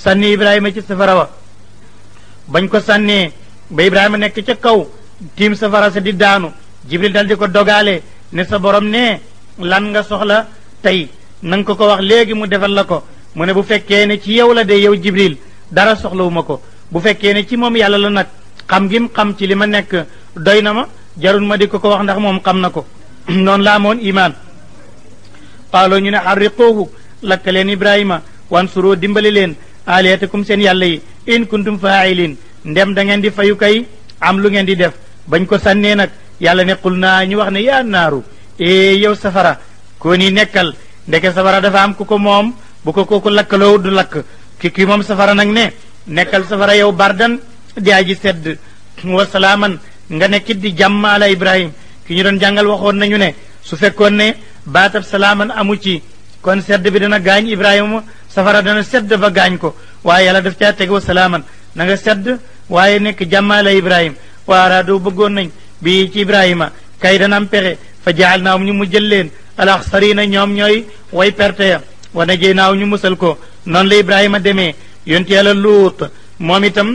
sànni ibrahima ci safara wa bañ ko sànnee ba ibrahima nekk ca kaw tiim safara sa di daanu jibril dal di ko dogaale ne sa borom ne lan nga soxla tey nanga ko ko wax léegi mu defal la ko mu ne bu fekkee ne ci yow la de yow jibril dara soxlawu ma ko bu fekkee ne ci moom yàlla la nag xam gim xam ci li ma nekk doy na ma jarul ma di ko ko wax ndax moom xam na ko noonu laa moon imaan xaaloo ñu ne xarriqoohu lakk leen ibrahima wan suroo dimbali leen aliyatakum seen yàlla yi in kuntum faailin ndem da ngeen di fayu kay am lu ngeen di def bañ ko sànnee nag yàlla ne qul naa ñu wax ne yaa naaru e yow safara koo ni nekkal ndeke safara dafa ku ko moom bu ko kooku lakkaloo du lakk ki ki moom safara nag ne nekkal safara yow bardan di aji sedd wa salaaman nga nekkit di jàmm ala ibrahim ki ñu doon jàngal waxoon nañu ne su fekkoon ne baatab salaaman amu kon sedd bi dana gaañ ibrahima safara dana sedd ba gaañ ko waaye yàlla daf caa teg wa salaaman na nga sedd waaye nekk jàmmaale ibrahim wa araado bëggoon nañ bi ci ibrahima kay danaam pexe fa jaal naaw ñu mu jël leen alaxsarina ñoom ñooy way perte ya wana jey naaw ñu musal ko noon la ibrahima demee yonti yàlla luut moom itam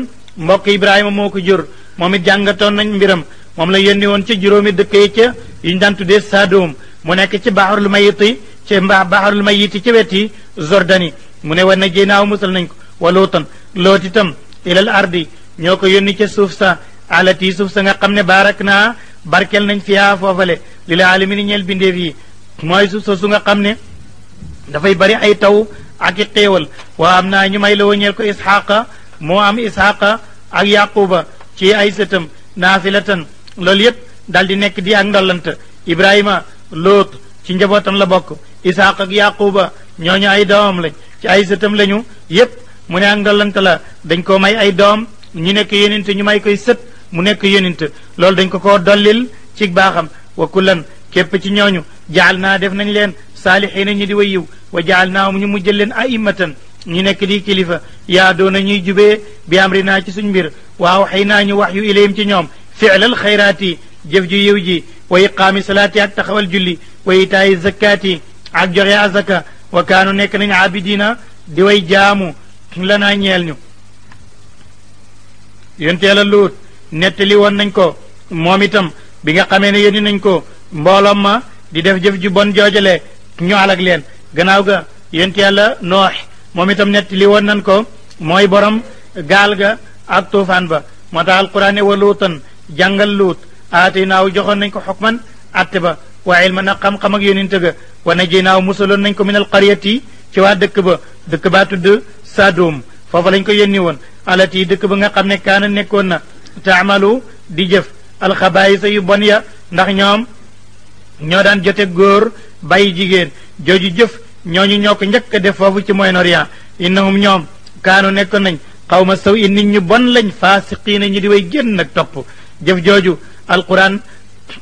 mbokk ibrahima moo ko jur moom it jàngatoon nañ mbiram moom la yónni woon ci juróomi dëkk yi ca yu ñu daan tuddee Saadoom mu nekk ci baaxarul mayiti ci baaxarul mayiti ci weti Jordani mu ne war na jéynaaw musal nañ ko walootan loot itam ilal ardi ñoo ko yónni ci suuf sa alati suuf sa nga xam ne baarak naa barkel nañ fiyaa foofale lil aalamiina ñeel bindeef yi mooy suuf sa su nga xam ne dafay bari ay taw ak i xéewal waa am naa ñu may la woo ñeel ko isxaaqa moo am isxaaqa ak yaquba ci ay sëtam naafilatan loolu yépp dal di nekk di ak ndollante ibrahima loot ci njabootam la bokk isxaaqa ak yaquba ñooñu ay doomam lañ ci ay sëtam lañu yépp mu ne ak ndollante la dañ ko may ay doom ñu nekk yonent ñu may koy sët mu nekk yonent loolu dañ ko ko dollil ci baxam wa kullan képp ci ñooñu jaalna def nañ leen saalixiina ñi di way wa jaal ñu mujjal leen aimatan ñu nekk di kilifa yaa doona ñuy jubee bi amrina ci suñ mbir wa wahina ñu wahyu ilayhim ci ñoom فعل الخيرات جف jëf ju yiw ji wa iqaami salaati ak taxawal julli wa wa kaanu nekk nañ abidina di way jaamu lanaa ñeel ñu yonent Yàlla Luut nettali woon nañ ko moom itam bi nga xamee ne yónni nañ ko mbooloom ma di def jëf ju bon joojale ñu alag leen ganaaw ga yonent Yàlla Noox moom itam nettali woon nañ ko mooy borom gaal ga ak tuufaan ba moo tax alquraan ne wa luutan jàngal luut aatinaaw joxoon nañ ko xukman atte ba wa ilman na xam-xam ak yónente ga wa najaynaahu musaloon nañ ko min al qaryati ci waa dëkk ba dëkk baa tudd Sadum foofa lañ ko yónni woon alati dëkk ba nga xam ne kaana nekkoon na taamalu di jëf alxabaayisa yu bon ya ndax ñoom ñoo daan jote góor bayi jigéen jooju jëf ñooñu ñoo ko njëkk a def foofu ci Moyen-Orient innahum ñoom kaanu nekkoon nañ xaw ma saw in nit ñu bon lañ faasiqiina ñu di way génn nag topp jëf jooju alquran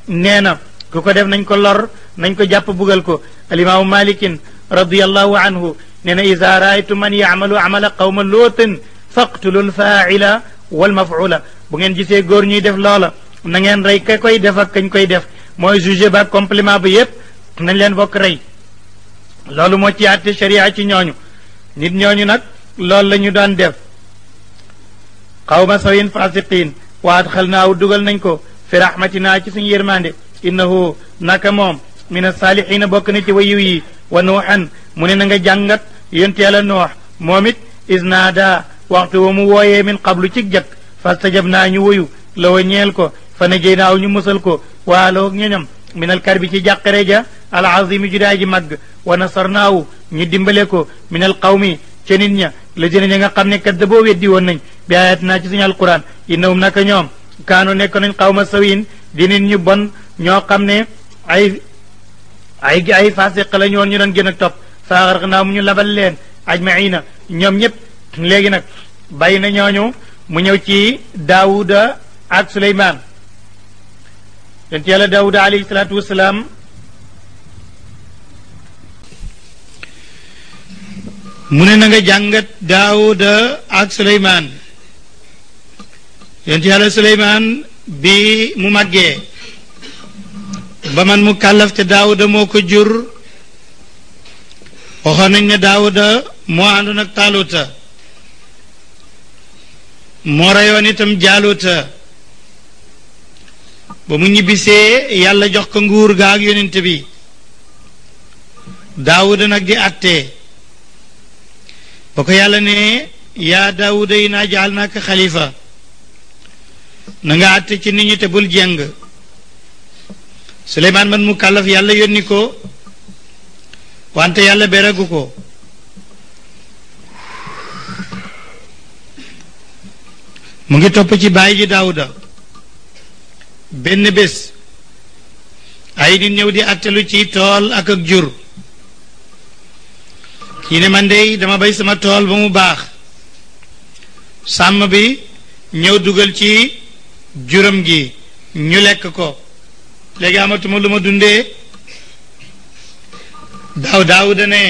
nee na ku ko def nañ ko lor nañ ko jàpp bugal ko alimaamu malikin radiallahu anhu nee na ida raaytu man yaamalu amala qawma lootin faqtulu lfaaila walmafula bu ngeen gisee góor ñuy def loola na ngeen rey ka koy def ak kañ koy def mooy jugé ba compliment ba yépp nañ leen bokk rey loolu moo ci àtte sharia ci ñooñu nit ñooñu nag loolu la ñu daan def qawma sawin fasiqin wa adxalnaahu dugal nañ ko fi rahmatinaa ci suñu yërmande innahu naka moom min asaalihina bokk na ci wayiw yi wa nuuxan mu ne na nga jàngat yonte yàlla noox moom it isnaada waxtu wa mu wooyee min qablu ci jëkk fastajab naa ñu wuyu lawa ñeel ko fa na jey naaw ñu musal ko waaloog ñoñam min alkarbi ci jàqare ja alazimi judaay ji màgg wa nasarnaawu ñu dimbale ko min alqawmi ca nit ña la jëne ña nga xam ne kat da boo weddi woon nañ bi ayat naa ci suñu alquran innahum naka ñoom kaanu nekk nañ xawma sawin di nit ñu bon ñoo xam ne ay ay ay fasiq la ñu doon gën a topp faaxar naa mu ñu labal leen ajmaina ñoom ñëpp léegi nag bàyyi na ñooñu mu ñëw ci daawuda ak suleymaan yonent yàlla daawuda alayhi salaatu wasalaam mu ne na nga jàngat daawuda ak suleymaan yonent yàlla suleymaan bi mu màggee ba man mu kàllaf te daawuda moo ko jur waxoon nañ ne daawuda moo àndoon ak taaluta moo reyoon itam jaaluta ba mu ñibbisee yàlla jox ko nguur ga ak yonent bi daawuda nag di àttee ba ko yàlla ne yaa daawuda yi naa jaal naa ko xalifa na nga ci nit ñi te bul jeng Suleiman man mu kàllaf yàlla yónni ko wante yàlla beragu ko mu ngi topp ci baay ji daawuda benn bés ay di ñëw di attelu ci tool ak ak jur kii ne man day dama bay sama tol ba mu baax sàmm bi ñëw dugal ci juram gi ñu lekk ko léegi amatuma lu ma dundee daaw daawuda ne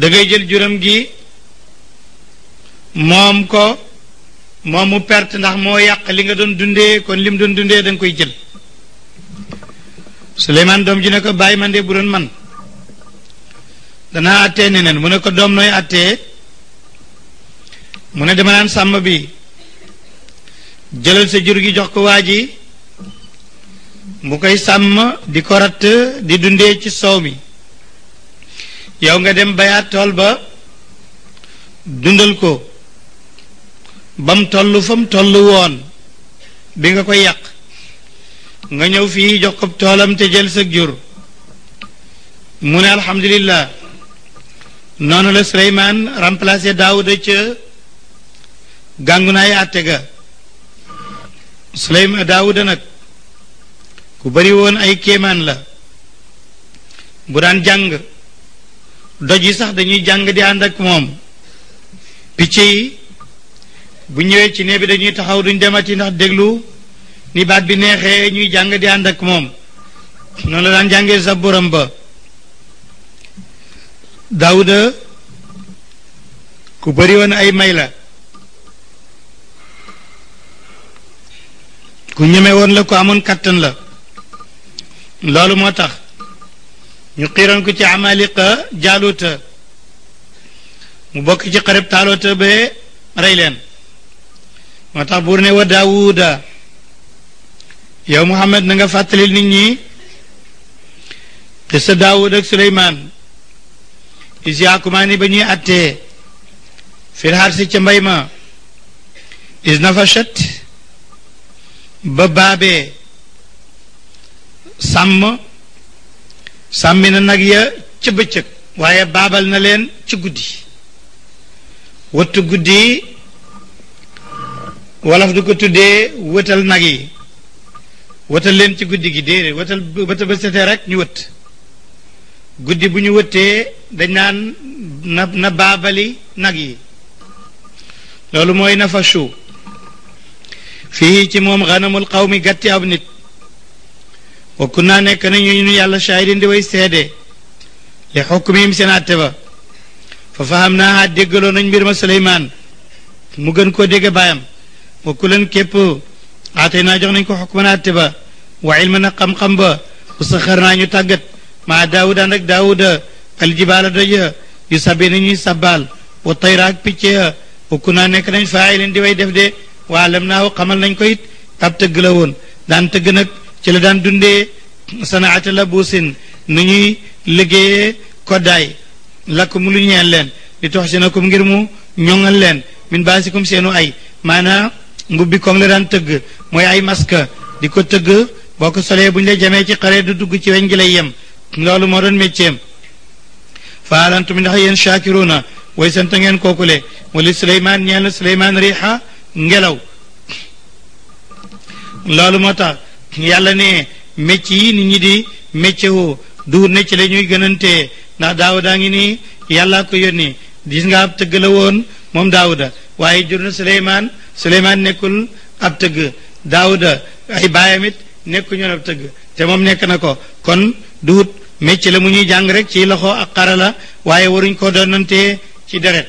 da jël juróom gi moom ko moom mu perte ndax moo yàq li nga doon dundee kon li mu doon dundee da koy jël Suleymaan doom ji ne ko bàyyi man de bu doon man danaa attee neneen mu ne ko doom nooy attee mu ne dama sàmm bi jëlal sa jur gi jox ko waa ji mu koy sàmm di ko ratt di dundee ci soow mi yow nga dem bayaat tool ba dundal ko ba mu toll fa mu toll woon bi nga koy yàq nga ñëw fii jox ko toolam te jël sa jur mu ne alhamdulillah noonu la Suleymaan remplacé Daawuda ca gàngu naay àtte ga Suleymaan Daawuda nag ku bariwoon ay kéemaan la bu daan jàng doj yi sax dañuy jàng di ànd ak moom picc yi bu ñëwee ci nee bi dañuy taxaw duñ demati ndax déglu ni baat bi neexee ñuy jàng di ànd ak moom noonu la daan jàngee zaburam ba daawuda ku bari ay may la ku ñeme la ku amoon kàttan la loolu moo tax ñu xiiroon ko ci amaliqa jaaluta mu bokk ci xarib taaluta ba rey leen moo tax buur ne wa daawuda yow muhammad na nga fàttali nit ñi xisa daawud ak suleymaan is yaakumaani ba ñuy attee fil xarsi ca mbay ma is nafashat ba baabee sàmm sàmmi na nag ya ca bëccëg waaye baabal na leen ci guddi wattu guddi wolof du ko tuddee wëtal nag yi wëtal leen ci guddi gi déedéet wëtal wëta ba setee rek ñu wët guddi bu ñu wëttee dañ naan na na baabali nag yi loolu mooy nafachu fii ci moom xanamul xaw mi gàtti ab nit wakku naa nekk na ñu ñu yàlla shahidin di way seede li xukmihim seen àtte ba fa faham naa déggaloo mbir ma Suleymaan mu gën ko dégg baayam wa kulan képp aatay na jox nañ ko xukman àtte ba wa ilman xam-xam ba wa saxar naa ñu tàggat maa daawuda ànd ak daawuda aljibaala doja yu sabbi nañuy sabbaal wa tayra ak picc ya wa kunaa nekk nañ faa'ilin di way def de waa lam xamal nañ ko it ab tëgg tëgg nag ci la daan dundee sanaata la buusin nu ñuy liggéeyee koddaay lakkum lu ñeel leen di tox si na kom ngir mu ñoŋal leen min baasikum seenu ay maanaam mbubbi koŋ la daan tëgg mooy ay masque di ko tëgg boo ko solee bu ñu la jamee ci xare du dugg ci weñ gi lay yem loolu moo doon métiem faal antum ndax yéen shaakiruuna way sant ngeen kookule wali suleymaan ñeel na suleymaan riixa ngelaw loolu moo tax yàlla ne mecc yi nit ñi di meccewu duur na ci la ñuy gënante ndax daawudaa ngi nii yàllaa ko yónni gis nga ab tëgg la woon moom daawuda waaye jur na suleymaan suleymaan nekkul ab tëgg daawuda ay baayamit nekku ñoon ab tëgg te moom nekk na ko kon duut mecc la mu ñuy jàng rek ci loxo ak xarala waaye waruñ koo doonante ci deret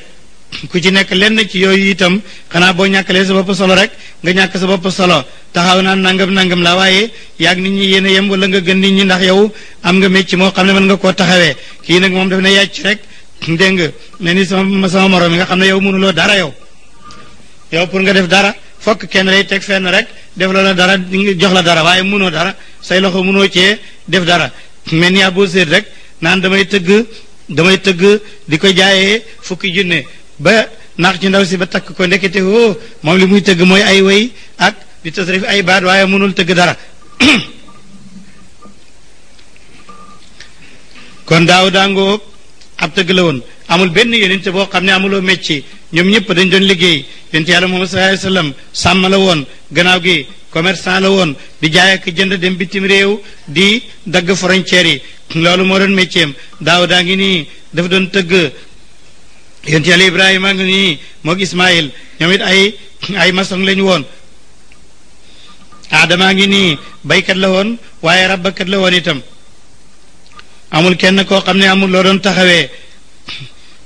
ku ci nekk lenn ci yooyu itam xanaa boo ñàkkalee sa bopp solo rek nga ñàkk sa bopp solo taxaw naa nangam nangam la waaye yaag nit ñi yéen a yem wala nga gën nit ñi ndax yow am nga mécc moo xam ne mën nga koo taxawee kii nag moom def na yàcc rek dégg nga ne ni sama sama morom mi nga xam ne yow mënuloo dara yow yow pour nga def dara fokk kenn lay teg fenn rek def loola dara jox la dara waaye mënoo dara say loxo mënoo cee def dara mais ni aboo séet rek naan damay tëgg damay tëgg di ko jaayee fukki junne ba nax ci ndaw si ba takk ko ndekete woo moom li muy tëgg mooy ay way ak di tasrif ay baat waaye mënul tëgg dara kon daaw daangoo ab tëgg la woon amul benn yonent boo xam ne amuloo métier ñoom ñëpp dañ doon liggéey yonent yàlla moom sa sàmm la woon gannaaw gi commerçant la woon di jaay ak jënd dem bitim réew di dagg frontières yi loolu moo doon métier daaw daa ngi nii dafa doon tëgg yonent yàlla ibrahima ngi nii moog ismail ñoom it ay ay maçon lañu woon aadamaa ngi nii baykat la woon waaye rabbakat la woon itam amul kenn koo xam ne amul loo doon taxawee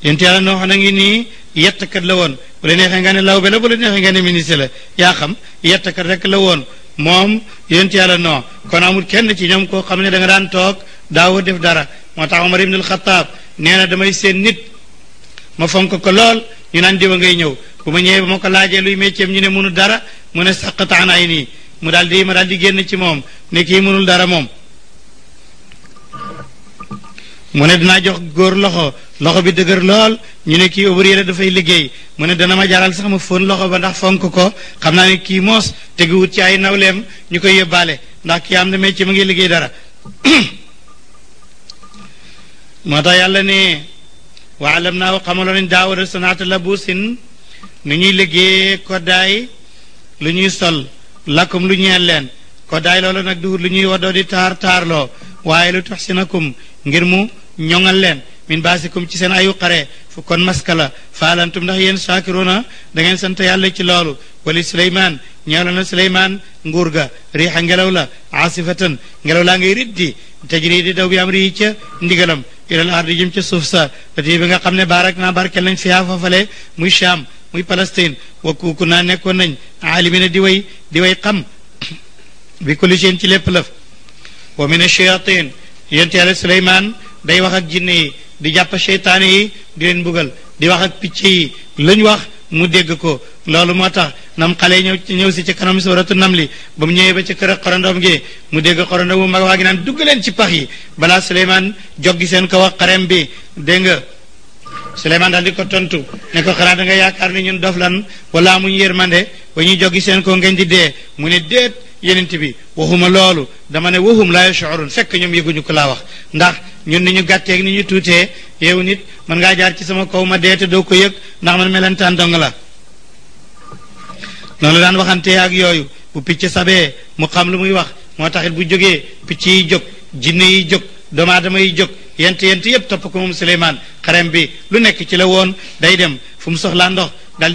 yonent yàlla noox na ngi nii yettkat la woon bu la neexee nga ne lawbe la bu la neexee nga ne ministre la yaa xam yettkat rek la woon moom yonent yàlla noox kon amul kenn ci ñoom koo xam ne da nga daan toog daawoo def dara moo tax Omar ibn Xataab nee damay seen nit ma fonk ko lool ñu naan diwa ngay ñëw bu ma ñëwee ba ma ko laajee luy métier ñu ne mënul dara mu ne saqataan ay nii mu daal di ma daal di génn ci moom ne kii mënul dara moom mu ne dinaa jox góor loxo loxo bi dëgër lool ñu ne kii ouvrier la dafay liggéey mu ne dana ma jaral sax ma fóon loxo ba ndax fonk ko xam naa ne kii moos teguwut ci ay nawleem ñu koy yóbbaale ndax kii am na métier ma ngi liggéey dara moo tax yàlla ne wa alam naahu xamaloon nañ daawada sanaata labusin nu ñuy liggéeyee koddaay lu ñuy sol lakkum lu ñeel leen koddaay loolu nag duhut lu ñuy waddoo di taar taarloo waaye lu tuxsinakum ngir mu ñoŋal leen min baasikum ci seen ayu xare fu kon maskala faalantum ndax yéen shakiruna da ngeen sant yàlla ci loolu wali suleymaan ñeela na suleymaan ga riixa ngelaw la aasifatan ngelaw laa ngay riddi tajri di daw bi am rii ca ndigalam ilal ardi jëm ca suuf sa lati bi nga xam ne baarak naa barkel nañ fiha fafale muy Sham muy Palestine wa kuku naa nekkoon nañ aalimina di way di way xam bi kulli seen ci lépp lëf wa min ash-shayatin yent yàlla suleymaan day wax ak jinne yi di jàpp seytaane yi di leen mbugal di wax ak picc yi lañ wax mu dégg ko loolu moo tax nam xale ñëw ñëw si ci kanam suratu nam li ba mu ñëwee ba ci kër xorandoom gi mu dégg xorandoom bu mag waa gi naan dugg leen ci pax yi balaa Suleymaan joggi seen ko wax xarem bi dégg nga Suleymaan daal di ko tontu ne ko xanaa da nga yaakaar ni ñun dof lan wala amuñu yërmande ba ñuy joggi seen ko ngeen di dee mu ne déet yenent bi waxuma loolu dama ne waxum laa yashurun fekk ñoom yëguñu ko laa wax ndax ñun ni ñu gàtteeg ni ñu tuutee yow nit man ngaa jaar ci sama kaw ma dee te doo ko yëg ndax man melentaan dong la noonu la daan waxantee ak yooyu bu picc sabee mu xam lu muy wax moo taxit bu jógee picc yi jóg jinne yi jóg doomu aadama yi jóg yent yent yépp topp ko moom Suleymaan xarem bi lu nekk ci la woon day dem fu mu soxlaa ndox dal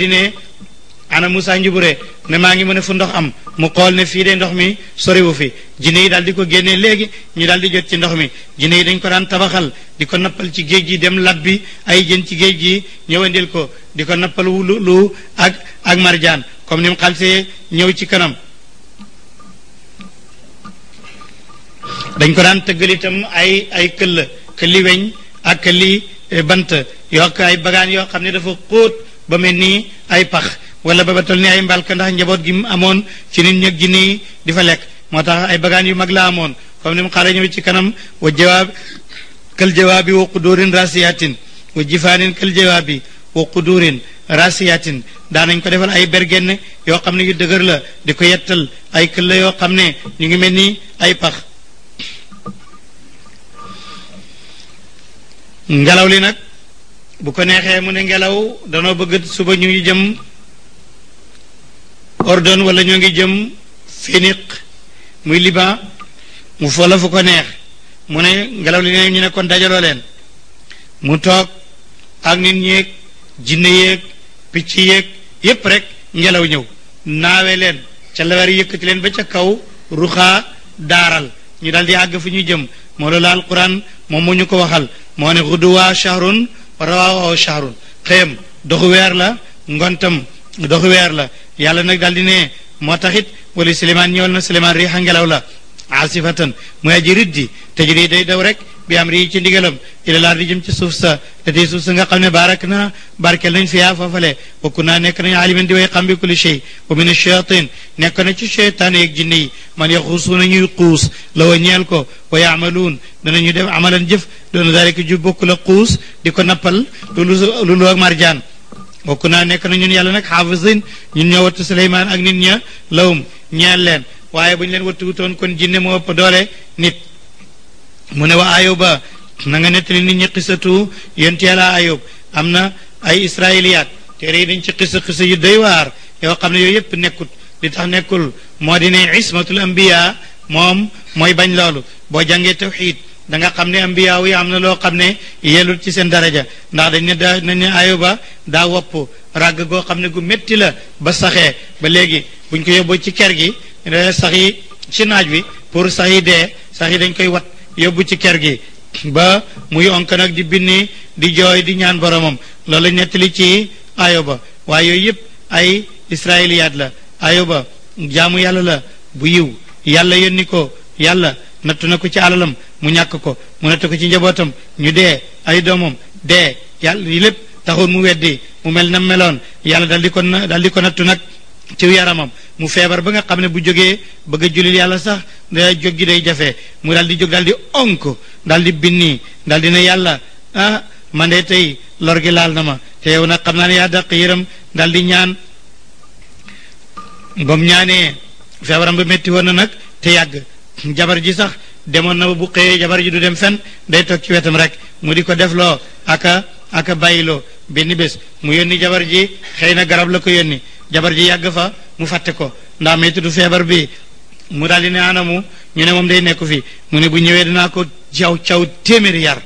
ana Moussa Njubure ne maa ngi mu fu ndox am mu xool ne fii de ndox mi soriwu fi jinne yi daal di ko génnee léegi ñu dal di jot ci ndox mi jinne yi dañ ko daan tabaxal di ko nappal ci géej gi dem labbi ay jën ci géej gi ñëwandil ko di ko nappal lu lu ak ak marjaan comme ni mu ñëw ci kanam dañ ko daan tëggal itam ay ay këll këlli weñ ak këlli eh, bant yokk ay bagaan yoo xam ne dafa xóot ba mel nii ay pax wala ba ba tol ni ay mbalka ndax njaboot gi mu amoon ci nit ñëg jinne yi di fa lekk moo tax ay bagaan yu mag la amoon comme ni mu xaare ñëw ci kanam wa jawaab kal jawaabi wa quduurin rasiyatin wa jifaanin kal jawaabi wa quduurin rasiyatin daanañ ko defal ay bergenne yoo xam ne yu dëgër la di ko yettal ay kël la yoo xam ne ñu ngi mel ni ay pax ngelaw li nag bu ko neexee mu ne ngelaw danoo bëgg suba ñu jëm ordon wala ñoo ngi jëm féniq muy liban mu fola fu ko neex mu ne ngelaw li ne ñu ne kon dajaloo leen mu toog ak nit ñeeg jinne yeeg picc yeeg yépp rek ngelaw ñëw naawe leen ca lawer yëkkati leen ba ca kaw ruxaa daaral ñu daal di àgg fu ñu jëm moo loolu alquran moom moo ñu ko waxal moo ne xuduwaa shahrun rawaawoo shahrun xëyam doxu weer la ngontam doxu weer la yàlla nag daal di ne moo taxit wala Souleymane ñëwal na Souleymane riixa ngelaw la asifatan muy aji rijji tajri day daw rek bi am rii ci ndigalam ilalaar di jëm ci suuf sa da tey suuf sa nga xam ne baarak na barkel nañ fiyaa foofale wakku naa nekk nañ aliman di way xam bi kulli shay wa min ash-shayatin nekk na ci sheytaan yeeg jinne yi man yaxuusuuna ñuy xuus la wa ñeel ko wa yaamaluun danañu def amalan jëf doona dalika ju bokk la xuus di ko nappal loolu loolu ak marjaan bokk naa nekk na ñun yàlla nag xaafisin ñun ñoo wattu Suleymaan ak nit ña lawum ñeel leen waaye bu ñu leen wattu wutoon kon jinne moo ëpp doole nit mu ne wa ba na nga nettali nit ñi xisatu yonent yàlla ayub am na ay israiliyaat téere yi dañ ci xisa xisa yu doy waar yoo xam ne yooyu yëpp nekkut li tax nekkul moo di ne ismatul ambiya moom mooy bañ loolu boo jàngee tawxiid da nga xam ne ambiyaaw yi am na loo xam ne yelul ci seen daraja ndax dañ ne daa nañ ayo ba daa wopp ràgg goo xam ne gu métti la ba saxee ba léegi buñ ko yóbboo ci ker gi sax yi ci naaj wi pour sax yi dee yi dañ koy wat yóbbu ci ker gi ba muy onk nag di binni di jooy di ñaan boromam loolu lañ nettali ci ayo ba waaye yooyu yëpp ay israiliyaat la ayo ba jaamu yàlla la bu yiw yàlla yónni ko yàlla nattu na ko ci alalam mu ñàkk ko mu natt ko ci njabotam ñu dé ay doomam dé yalla li lepp taxul mu wéddi mu mel na meloon yalla dal di ko dal di ko nattu nak ci yaramam mu feebar ba nga bu joggé bëgg julil yalla sax da joggi day jafé mu dal di onko, dal di onko dal di binni dal di ne yalla, ah man dé tay lor gi laal na ma té yow nag xamna ya ne yaa daldi dal di ñaan bam ñaané feebaram bu metti won nak té yag jabar ji sax demoon na bu xëyee jabar ji du dem fenn day toog ci wetam rek mu di ko defloo aka aka bàyyiloo benn bés mu yónni jabar ji xëy na garab la ko yónni jabar ji yàgg fa mu fàtte ko ndax may tudd feebar bi mu daal di ne anamu ñu ne moom day nekku fi mu ne bu ñëwee dinaa ko jaw caw téeméeri yar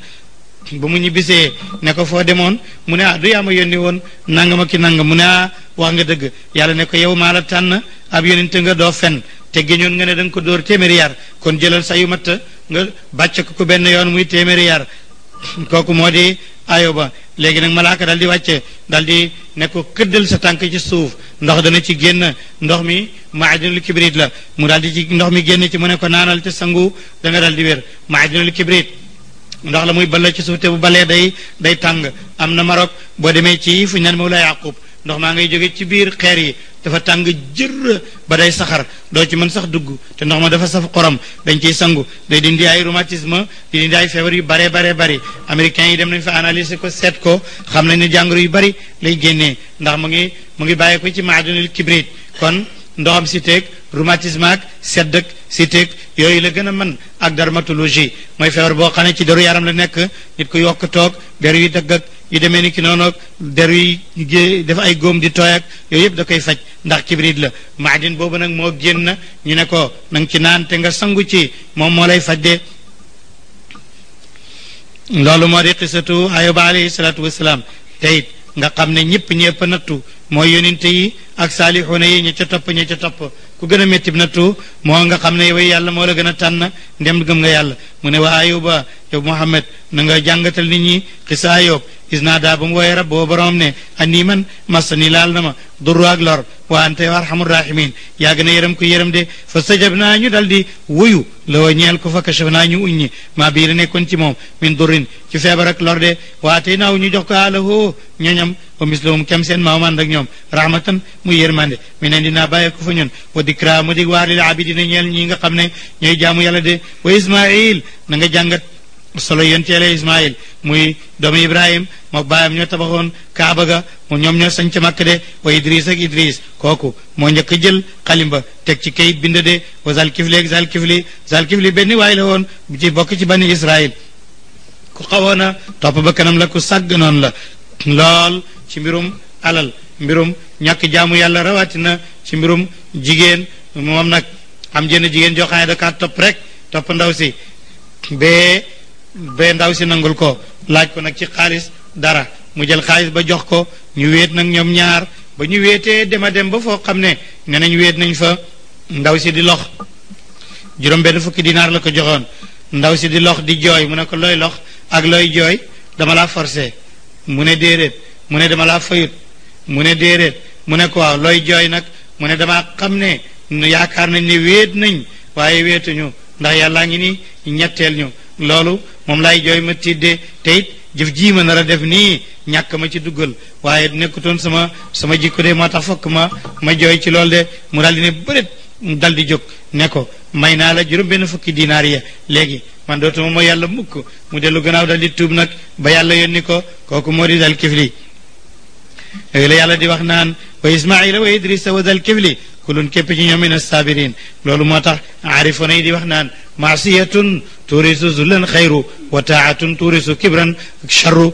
ba mu ñibbisee ne ko foo demoon mu ne ah du yaa ma yónni woon nangama ki nangam mu ne a ah wax nga dëgg yàlla ne ko yow maa la tànn ab yónent nga doo fen te géñoon nga ne da ko door téeméeri yar kon jëlal sa yu matt nga bàcc ko ko benn yoon muy téeméeri yar kooku moo di ba léegi nag malaaka dal di wàcce dal di nekko ko këddal sa tànk ci suuf ndox dana ci génn ndox mi maadinul kibrit la mu daal di ci ndox mi génn ci mu ne ko naanal te sangu da nga dal di wér maadinul kibrit ndox la muy bale ci suuf te bu balee day day tàng am na Maroc boo demee ci fu ñu naan Mawla Yaqub ndox maa ngay jóge ci biir xeer yi dafa tàng jër ba day saxar doo ci mën sax dugg te ndox ma dafa saf xorom dañ ciy sangu day dindi ay rhumatisme di dindi ay feebar yu bare bare bari américains yi dem nañ fa analyser ko seet ko xam nañ ne jàngoro yu bari lay génnee ndax mu ngi mu ngi bàyyi ko ci maadunil kibrit kon ndoxam si teeg rhumatisme ak sedd ak siteeg yooyu la gën a man ak dermatologie mooy feebar boo xam ne ci deru yaram la nekk nit ku yokk toog deru yi ak yu demee ni ki noonu ak deru yi def ay góom di tooy ak yooyu yëpp da koy faj ndax kibrid la maadin boobu nag moo génn ñu ne ko na ci naan te nga sangu ci moom moo lay faj de loolu moo di xisatu ayuba alayhi salaatu wasalaam te nga xam ne ñëpp ñëpp nattu mooy yonente yi ak saalixuuna yi ña ca topp ña ca topp ku gën a métti na nattu moo nga xam ne yow yàlla moo la gën a tànn ndem gëm nga yàlla mu ne waa ayuba yow Muhammad na nga jàngatal nit ñi xisaa naa daa ba mu wooye rab boo boroom ne anii man massa ni laal na ma durru ak lor waa ante arhamur rahimin yaa gën a yërëm ku yërëm de fa sajab naa ñu dal di wuyu loo ñeel ko fa kashaf naa ñu uññi maa bii la nekkoon ci moom min durrin ci feebar ak lor de waa tey naaw ñu jox ko àla hoo ñoñam wa seen maaw ñoom muy yërmande mi ne dinaa bàyyeeko fa ñun wa dikra mu dig waar lil abidina ñeel ñi nga xam ne ñooy jaamu yàlla de wa ismail na nga jàngat solo yonent Yàlla ismail muy doomu ibrahim mook baayam ñoo tabaxoon kaaba ga mu ñoom ñoo sañc màkk de wa idris idris kooku moo njëkk jël xalimba ba teg ci kayit bind de wa zalkifli ak zalkifli zalkifli benn waay la woon ci bokk ci bani israil ku xawoon a topp ba kanam la ku sàgg noonu la lool ci mbirum alal mbirum ñak jaamu rawati na ci mbirum jigen mom nak am jenn jigen, jo xam da ka top rek top ndaw si be be ndaw si nangul ko laaj ko nak ci xaliss dara mu jël xaliss ba jox ko ñu wéet nak ñom ñaar ba ñu wété dema dem ba fo xamné né nañ wéet nañ fa ndaw si di lox juróom ben fukki dinar la ko joxoon ndaw si di lox di joy mu ne ko loy lox ak loy joy dama la forcer mu ne dedet mu ne dama la fayut mu ne déedéet mu ne ko waaw looy jooy nag mu ne damaa xam ne yaakaar nañ ne wéet nañ waaye wéetuñu ndax yàllaa ngi nii ñetteel ñu loolu moom lay jooy ma tidde de it jëf jii ma nar a def nii ñàkk ma ci duggal waaye nekkutoon sama sama jikko de moo tax fokk ma ma jooy ci loolu de mu daal di ne bëreet dal di jóg ne ko may naa la juróom benn fukki dinaar ya léegi man dootuma mooy yàlla mukk mu dellu gannaaw dal di tuub nag ba yàlla yónni ko kooku moo di dal kifli yooyu yàlla di wax naan wa ismaila wa idrisa wa dal kifli kulun képp ci ñoom min assabirin loolu moo tax aarifoona yi di wax naan maasiyatun tuurisu zullan xayru wa taatun tuurisu kibran charru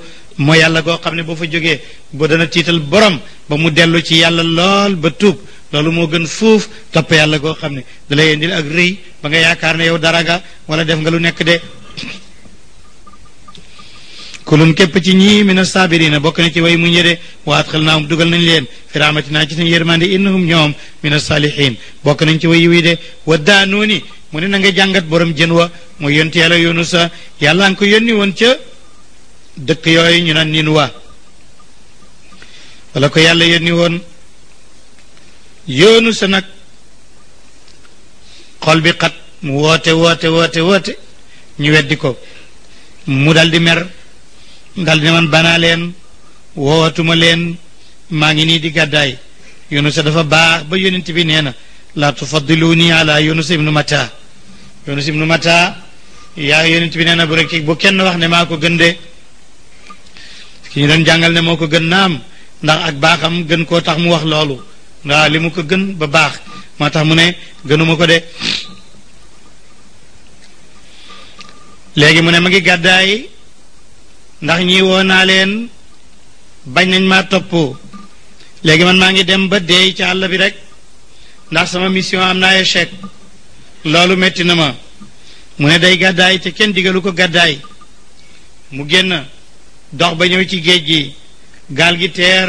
moo yàlla goo xam ne boo fa joge ba dana tiital borom ba mu dellu ci yàlla lool ba tuub loolu moo gën fuuf topp yàlla goo xam ne da lay ba nga yaakaar ne yow dara wala def nga lu nekk de kulun képp ci ñii mina saabirina bokk na ci way mu ñëde waat xel naam dugal nañ leen fi rahmatinaa ci suñu yërmande innahum ñoom mina saalihin bokk nañ ci way wi de wa daanuuni mu ne na nga jàngat boroom jën wa mooy yonti yàlla yoonu sa yàlla nga ko yónni woon ca dëkk yooyu ñu naan nin wa wala ko yàlla yónni woon yoonu sa nag xol bi xat mu woote woote woote woote ñu weddi ko mu daldi di mer ndal ni man bana len woowatuma len ma ngi ni di gaday yunus dafa baax ba yonent bi neena la tufaddiluni ala yunus ibn mata yunus ibn mata ya yonent bi neena bu rek bu kenn wax ne mako gënde ki ñu doon ne moko gën naam ndax ak baxam gën ko tax mu wax lolu nga limu ko gën ba bax ma tax mu ne gënuma ko de legi mu ne ma ngi ndax ñii woo naa leen bañ nañ maa topp léegi man maa ngi dem ba deey ci àll bi rek ndax sama mission am naa échec loolu metti na ma mu ne day gàddaay te kenn digalu ko gàddaay mu génn dox ba ñëw ci géej gi gaal gi teer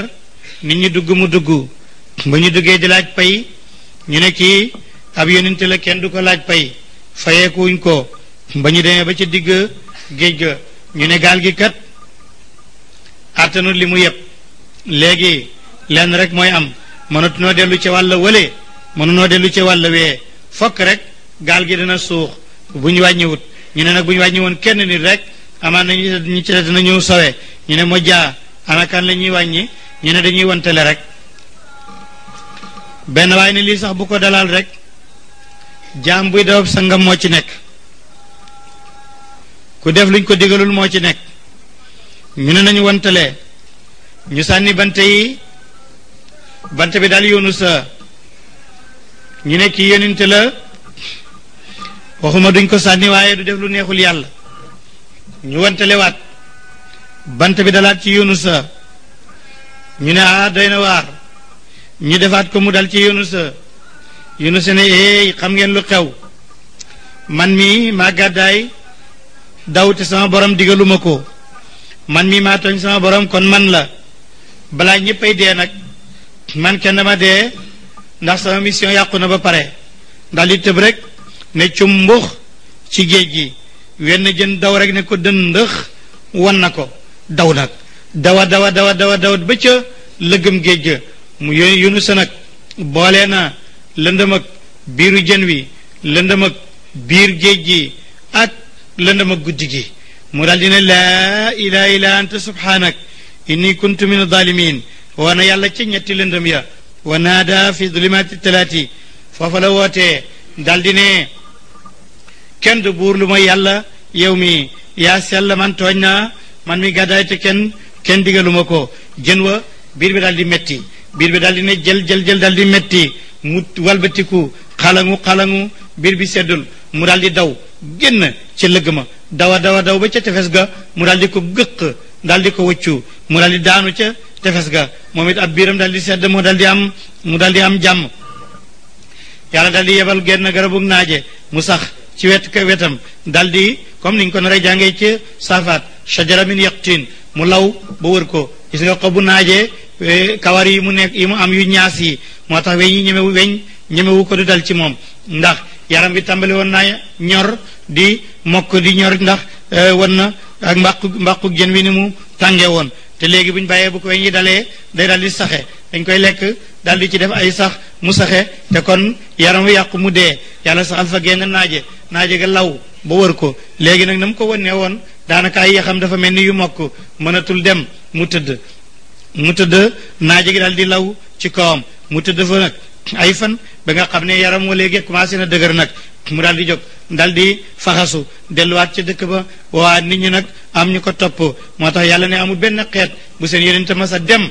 nit ñu dugg mu dugg ba ñu duggee di laaj pay ñu ne kii ab yonent la kenn du ko laaj pay fayeekuwuñ ko ba ñu demee ba ci digg géej ga ñu ne gaal gi kat attanut li mu yëpp léegi lenn rek mooy am mënatunoo dellu ci wàll wële mënunoo dellu ci wàll wee fokk rek gaal gi dana suux bu ñu wàññiwut ñu ne nag buñ ñu kenn nit rek amaan na ñu ci dana ñëw sawe ñu ne mojjaa anakaan la ñuy wàññi ñu ne dañuy wantale rek benn waaye ne lii sax bu ko dalal rek jaam buy dawab sangam moo ci nekk ku def luñ ko digalul moo ci nekk ñu ne nañu wantale ñu sànni bante yi bante bi daal yoonu sa ñu ne kii yonente la waxuma duñ ko sànni waaye du def lu neexul yàlla ñu wantalewaat bant bi dalaat ci yoonu sa ñu ne ah doy na waar ñu defaat ko mu dal ci yoonu sa yoonu sa eey xam ngeen lu xew man mi maa gàddaay daw te sama borom digaluma ko man mii maa tooñ sama borom kon man la balaa ñëppay dee nag man kenn ma dee ndax sama mission yàqu na ba pare ndax li tëb rek ne cum mbux ci géej gi wenn jën daw rek ne ko dëndëx wan na ko daw nag dawa dawa dawa dawa dawa ba ca lëggam géej ga mu yónni yunu sa nag boole na lëndëm ak biiru jën wi lëndëm ak biir géej gi ak lëndëm ak guddi gi mu daal dina laa ilaha illa anta subhanak inni kuntu min adalimin woona yàlla ci ñetti lëndëm ya wa naada fi dulimaati talaati foofa la wootee daal di kenn du buur lu may yàlla yow mi yaa sell man tooñ man mi gàddaay te kenn kenn digalu ma ko jën wa biir bi daal di metti biir bi daal di ne jël jël jël di metti mu walbatiku xalangu xalangu bir bi seddul mu daal di daw génn ci lëgg ma dawa dawa daw ba ca tefes ga mu daal di ko gëq daal di ko wëccu mu daldi di daanu ca tefes ga moom it ab biiram daal di sedd moo daal di am mu daal di am jàmm yàlla daal di yebal genn garabu naaje mu sax ci wet ka wetam daal di comme niñ ko nar a jàngee ci saafaat shajara min yaqtin mu law ba wër ko gis nga xobu naaje e, kawar yi mu nekk yi mu am yu ñaas yi moo tax weñ yi ñemewu weñ ñemewu ko du dal ci moom ndax yaram bi tàmbali woon naa ñor di mokk di ñor ndax euh, wan na ak mbàqu mbàqu jën wi ni mu tàngee woon te léegi bu ñu bàyyee bu ko weñ yi dalee day daal di saxe dañ koy lekk daal di ci def ay sax mu saxe te kon yaram wi yàqu mu dee yàlla saxal fa genn naaje naaje ga law ba wër ko léegi nag na mu ko wannee woon daanaka ay yaxam dafa mel ni yu mokk mënatul dem mu tëdd mu tëdd naaje gi daal di law ci kawam mu tëdd fa nag ay fan ba nga xam ne yaram wa léegi commencé na dëgër nag mu daal di jóg daal di faxasu delluwaat ca dëkk ba waa nit ñi nag am ñu ko topp moo tax yàlla ne amul benn xeet bu seen yeneen ma sa dem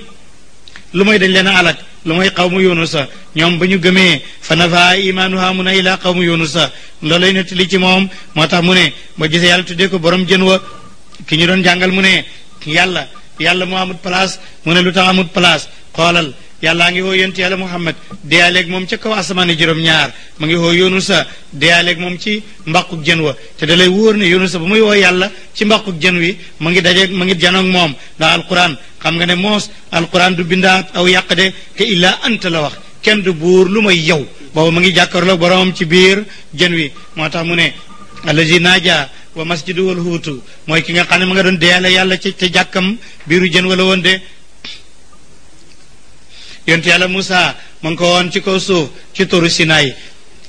lu mooy dañ leen a lu mooy xaw mu yunusa ñoom ba ñu gëmee fa nafa imaanuha mun a ilaa xaw mu yunusa loolay nett li ci moom moo tax mu ne ba gisee yàlla tuddee ko boroom jën wa ki ñu doon jàngal mu ne yàlla yàlla mu amut place mu ne lu tax amut place xoolal yàllaa ngi woo yonent yàlla muhammad deyaaleeg moom ca kaw asamaane juróom-ñaar ma ngi woo yunusa deyaaleeg moom ci mbàquk jën wa te da lay wóor ne yunusa bu muy woo yàlla ci mbàquk jën wi ma ngi dajeeg ma ngi janoog moom ndax alquran xam nga ne moos alquran du bindaat aw yàq de ke illaa anta la wax kenn du buur lu may yow boobu ma ngi jàkkaarloog boromam ci biir jën wi moo tax mu ne allazi naaja wa masjidu wal huutu mooy ki nga xam ne ma nga doon deyaale yàlla ci te jàkkam biiru jën wala woon de yonent yàlla Moussa ma ngi ko woon ci kaw suuf ci turu Sinaay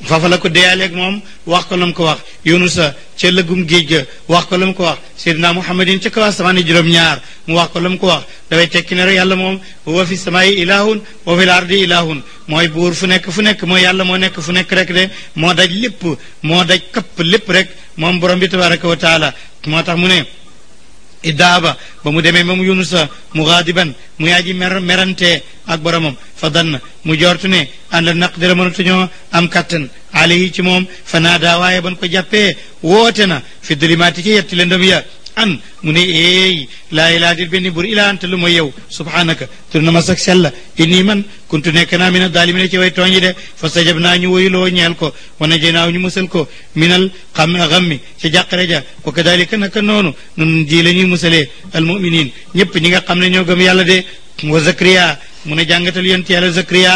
foofa la ko deyaaleeg moom wax ko la mu ko wax Yunusa ca lëggum géej ga wax ko la mu ko wax Seydina Muhammadin ca kaw asamaan yi juróom-ñaar mu wax ko la mu ko wax dafay tekki ne rek yàlla moom wa fi samaay ilahun wa fi lardi ilahun mooy buur fu nekk fu nekk mooy yàlla moo nekk fu nekk rek de moo daj lépp moo daj kapp lépp rek moom borom bi tabaraka wa taala moo tax mu ne idaaba ba mu demee moom yunusa mu gaadiban mu yaa ji mer merante ak boromam fa dann mu jortu ne an la naqdira mënatuñoo am kattan alayhi ci moom fa naadaa waaye ban ko jàppee woote na fi dalimaati ci yetti lëndëm ya an mu ne eey laa ilaa dir benn buur ilaa anta lu mooy yow subhanaka tur na ma sak sella inni man kuntu nekk naa min a daalimina ci way tooñi de fa sajab naa ñu woyuloo ñeel ko wana jenaaw ñu musal ko minal xam xammi ca jàqare ja wa kadalika naka noonu nun ji la ñuy musalee almuminin ñëpp ñi nga xam ne ñoo gëm yàlla de wa zakariya mu ne jàngatal yonent yàlla zakariya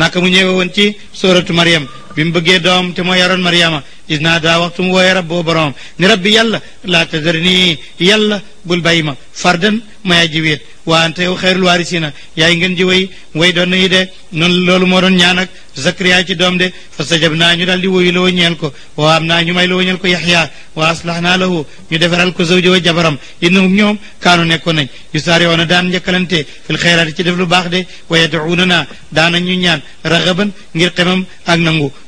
naka mu ñëwe woon ci sooratu Maryam bi mu bëggee doom te moo yaroon Mariama is naa daa waxtu mu wooye rabboo boroom ni rabbi yàlla laa tadar nii yàlla bul bàyyi ma fardan may aji wéet waante yow xeyrul waarisiina yaay ngeen ji way way doon nañu de noonu loolu moo doon ñaan ak Zakariya ci doom de fa sajab naa ñu daal di woyu la ñeel ko wa am naa ñu may la ñeel ko Yaxya wa aslax naa lahu ñu defaral ko zawja wa jabaram innahum ñoom kaanu nekkoon nañ yu saari woona daan njëkkalante fil xayraat ci def lu baax de wa yad'uuna naa daanañu ñaan raxaban ngir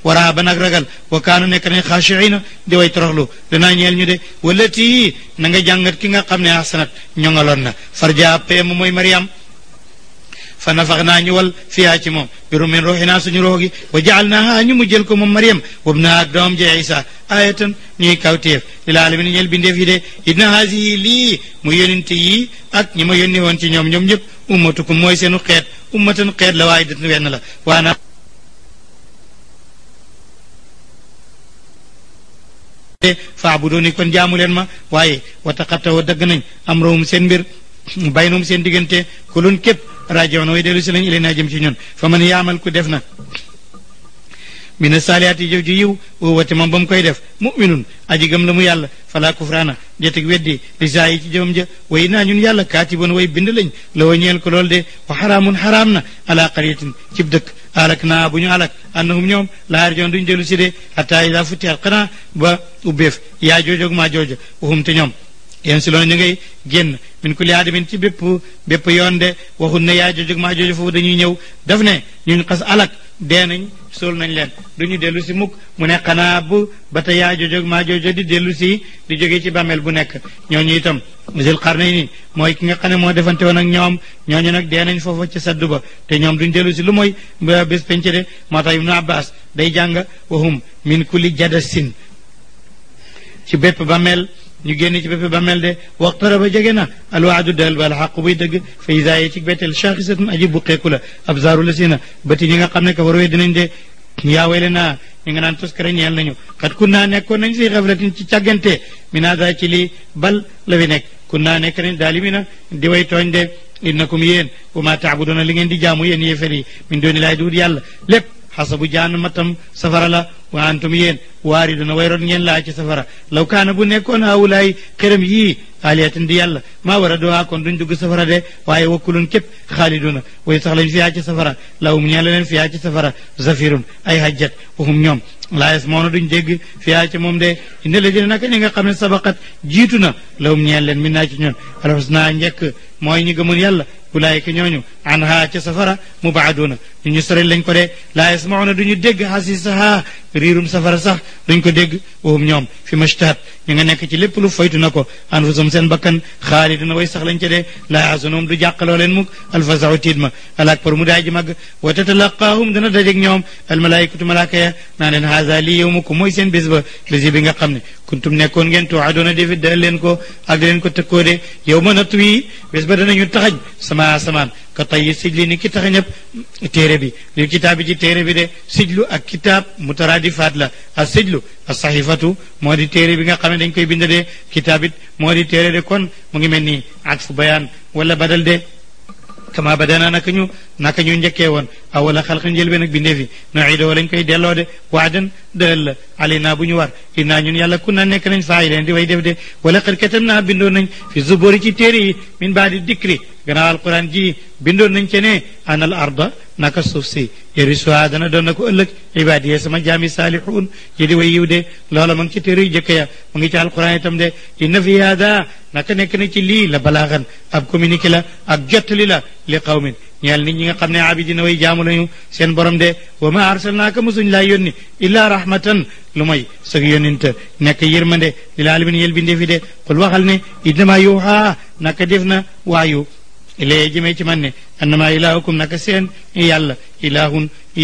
waraa ba nag ragal wa kaanu nekk nañ xaashiina di way toroxlu danaa ñeel ñu de walati na nga jàngat ki nga xam ne ahsanat ñoŋaloon na farja pm mooy mariam fa nafax naa ñu wal fiyaa ci moom biru min ruuxinaa suñu ruux gi wa jaal naaha ñu mu jël ko moom mariam wabnaa ak doom ja isa ayatan ñuy kawteef lil alamin ñeel bindeef yi de inna haasihi lii mu yónente yi ak ñi ma yónni woon ci ñoom ñoom ñëpp ummatukum mooy seenu xeet ummatan xeet la waaye dat wenn la waana faabuduni kon jaamu leen ma waaye wataqattaw dagg nañ amrahum seen mbir baynum seen diggante ko loon képp rajiun way dellu si lañ ilayna jëm ci ñun fa man yaamal ko def na mina saalihaati jëf ju yiw woowate moom ba mu koy def muminun aji gëm la mu yàlla falaa kufraana detig weddi li saa yi ci jëmam ja way naa ñun yàlla kaatiboon way bind lañ la wa ñeel ko lool de wa xaraamun xaraam na ala qaryatin cib dëkk alak naa bu ñu alak annahum ñoom laar joon duñ dellu si de xataa ida futti at xanaa ba ubbeef yaa joojoog ma jooja waxum te ñoom yéen si loon ñu ngay génn min ku li aadamin ci bépp bépp de waxun ne yaa joojoog maa jooja foofu dañuy ñëw daf ne ñun xas alak dee suul nañ leen duñu dellu si mukk mu nekk xanaa bu ba ta yaa jojoog maa jojo di dellu si di jóge ci bàmmeel bu nekk ñooñu itam musil xarnay nii mooy ki nga xam ne moo defante woon ak ñoom ñooñu nag dee nañ foofa ci saddu ba te ñoom duñ dellu si lu mooy bés penc de moo tax ibnu abbas day jàng wahum min kulli jadasin ci bépp bàmmeel ñu génn ci bépp bàmmeel de waqtaraba jege na alwaadu del ba alxaqu buy dëgg fa isa ye ci betteel shaaxisatun aji buqeeku la absaaru la si na bati ñi nga xam ne kafaru dinañ de yaawele naa ñu nga naan toskare ñeel nañu xat kun naa nekkoon nañ si xaflatin ci càggante minada ci lii bal la fi nekk kun naa nekk nañ daali mi na di way tooñ de innakum yéen wa ma taabuduuna li ngeen di jaamu yéen yéefar yi min dooni laay duut yàlla lépp حسب جانمتم سفر لا وانتم يين واردون ويرون يين لاحة سفر لو كان بنيكون هؤلاء خرم يي آليات دي الله ما وردوها كون دون جوك سفر دي وآي وكلون كيب خالدون ويسخلين في هاتي سفر لو منيالين في هاتي سفر زفيرون أي حجات وهم يوم لا يسمون دون جيغ في هاتي موم دي إن اللي جننا كنين قبل سبقت جيتونا لو منيالين من هاتي نيون الحسنان جيك موين يغمون يالله ulaayika ñooñu an ha ca safara mu baaduna ñu ñu sorel lañ ko de laa yasmauna du ñu dégg hasisaha rirum safara sax duñ ko dégg waxum ñoom fi mashtaat ñu nga nekk ci lépp lu foytu na ko anfusum seen bakkan xaalidina way sax lañ ca dee laa yasunum du jàqaloo leen mukk alfasaxu tiit ma alak par mu daay ji wa tatalaqaahum dana dajeeg ñoom almalaikatu malaaka ya naa leen haasa lii yow mukk mooy seen bis bi nga xam kuntum nekkoon ngeen tuwaadoona defi dal leen ko ak leen ko tëkkoo de yow ma nattu yi taxaj sama asamaan ka tayyi sijli ni ki taxañëpp téere bi lil kitaab bi ci téere bi de sijlu ak kitaab mutaraadifaat la a sijlu a saxifatu moo di téere bi nga xam ne dañ koy bind de kitaab it moo di téere de kon mu ngi mel ni atfu bayaan wala badal de kama badana naka ñu naka ñu njëkkee woon awala xalqin njël be nag bindee fi nuidoo lañ koy delloo de waadan dëlal la alayna bu ñu war innaa ñun yàlla kun na nekk nañ faayi leen di way def de wala xër katam bindoo nañ fi zubóori ci téere min baadi dikri غنال القرآن جي بندو ننچنے أن الأرض نكسوف سي يرسو آدنا دونك ألك عبادية سما جامي صالحون جدي ويودي لولا منك تيري جكيا منك چال القرآن يتم دي إن في هذا نكن نكن چلي لبلاغن أب كميني كلا أجت للا لقوم نيال نيجي قمنا عبدين وي جامو لنيو سين برم دي وما أرسلناك مزن لا يوني إلا رحمة لمي سغيون انت نكا يرمان دي للعالمين يلبين دي في دي قل وخلني إدما يوحا نكا ديفنا وايو إليه ميت من أنما إلهكم نكسين يلا إله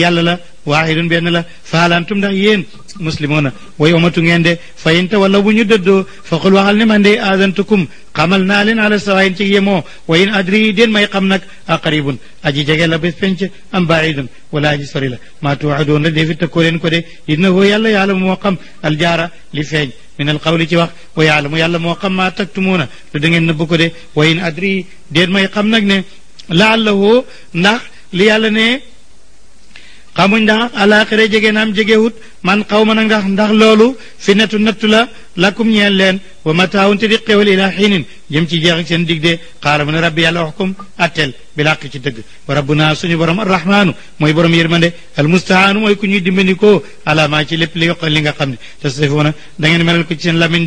يلا لا واحد بين لا فهل أنتم دعيين مسلمون ويوم تنين فإن تولوا بنيددو فقلوا هل من دي آذنتكم قملنا لن على سرائن تيمو وإن أدري دين ما يقمنك أقريب أجي جاكي لبس بنش أم بعيد ولا أجي سريلا ما توعدون دي في التكورين كده إنه يلا يعلم موقم الجارة لفين min al qawli ci wax wa yaalamu yàlla moo xam maa taktumuuna lu da ngeen nëbb ko de wa in adri déet may xam nag ne laallahu ndax li yàlla ne xamuñ ndax alaaxira jege naam jegewut man xaw ma na ndax ndax loolu fitnatu nattu la lakum ñeel leen wa mataawun te di xewal ilaa xiinin jëm ci jeex ak seen dig de xaala mu ne rabbi yàlla waxkum atteel bilàq ci dëgg wa rabbuna suñu borom arrahmaanu mooy borom yërmande almustahaanu mooy ku ñuy dimbandikoo alaamaa ci lépp li yoqal li nga xam ne tasrifuuna da ngeen melal ko ci seen lamin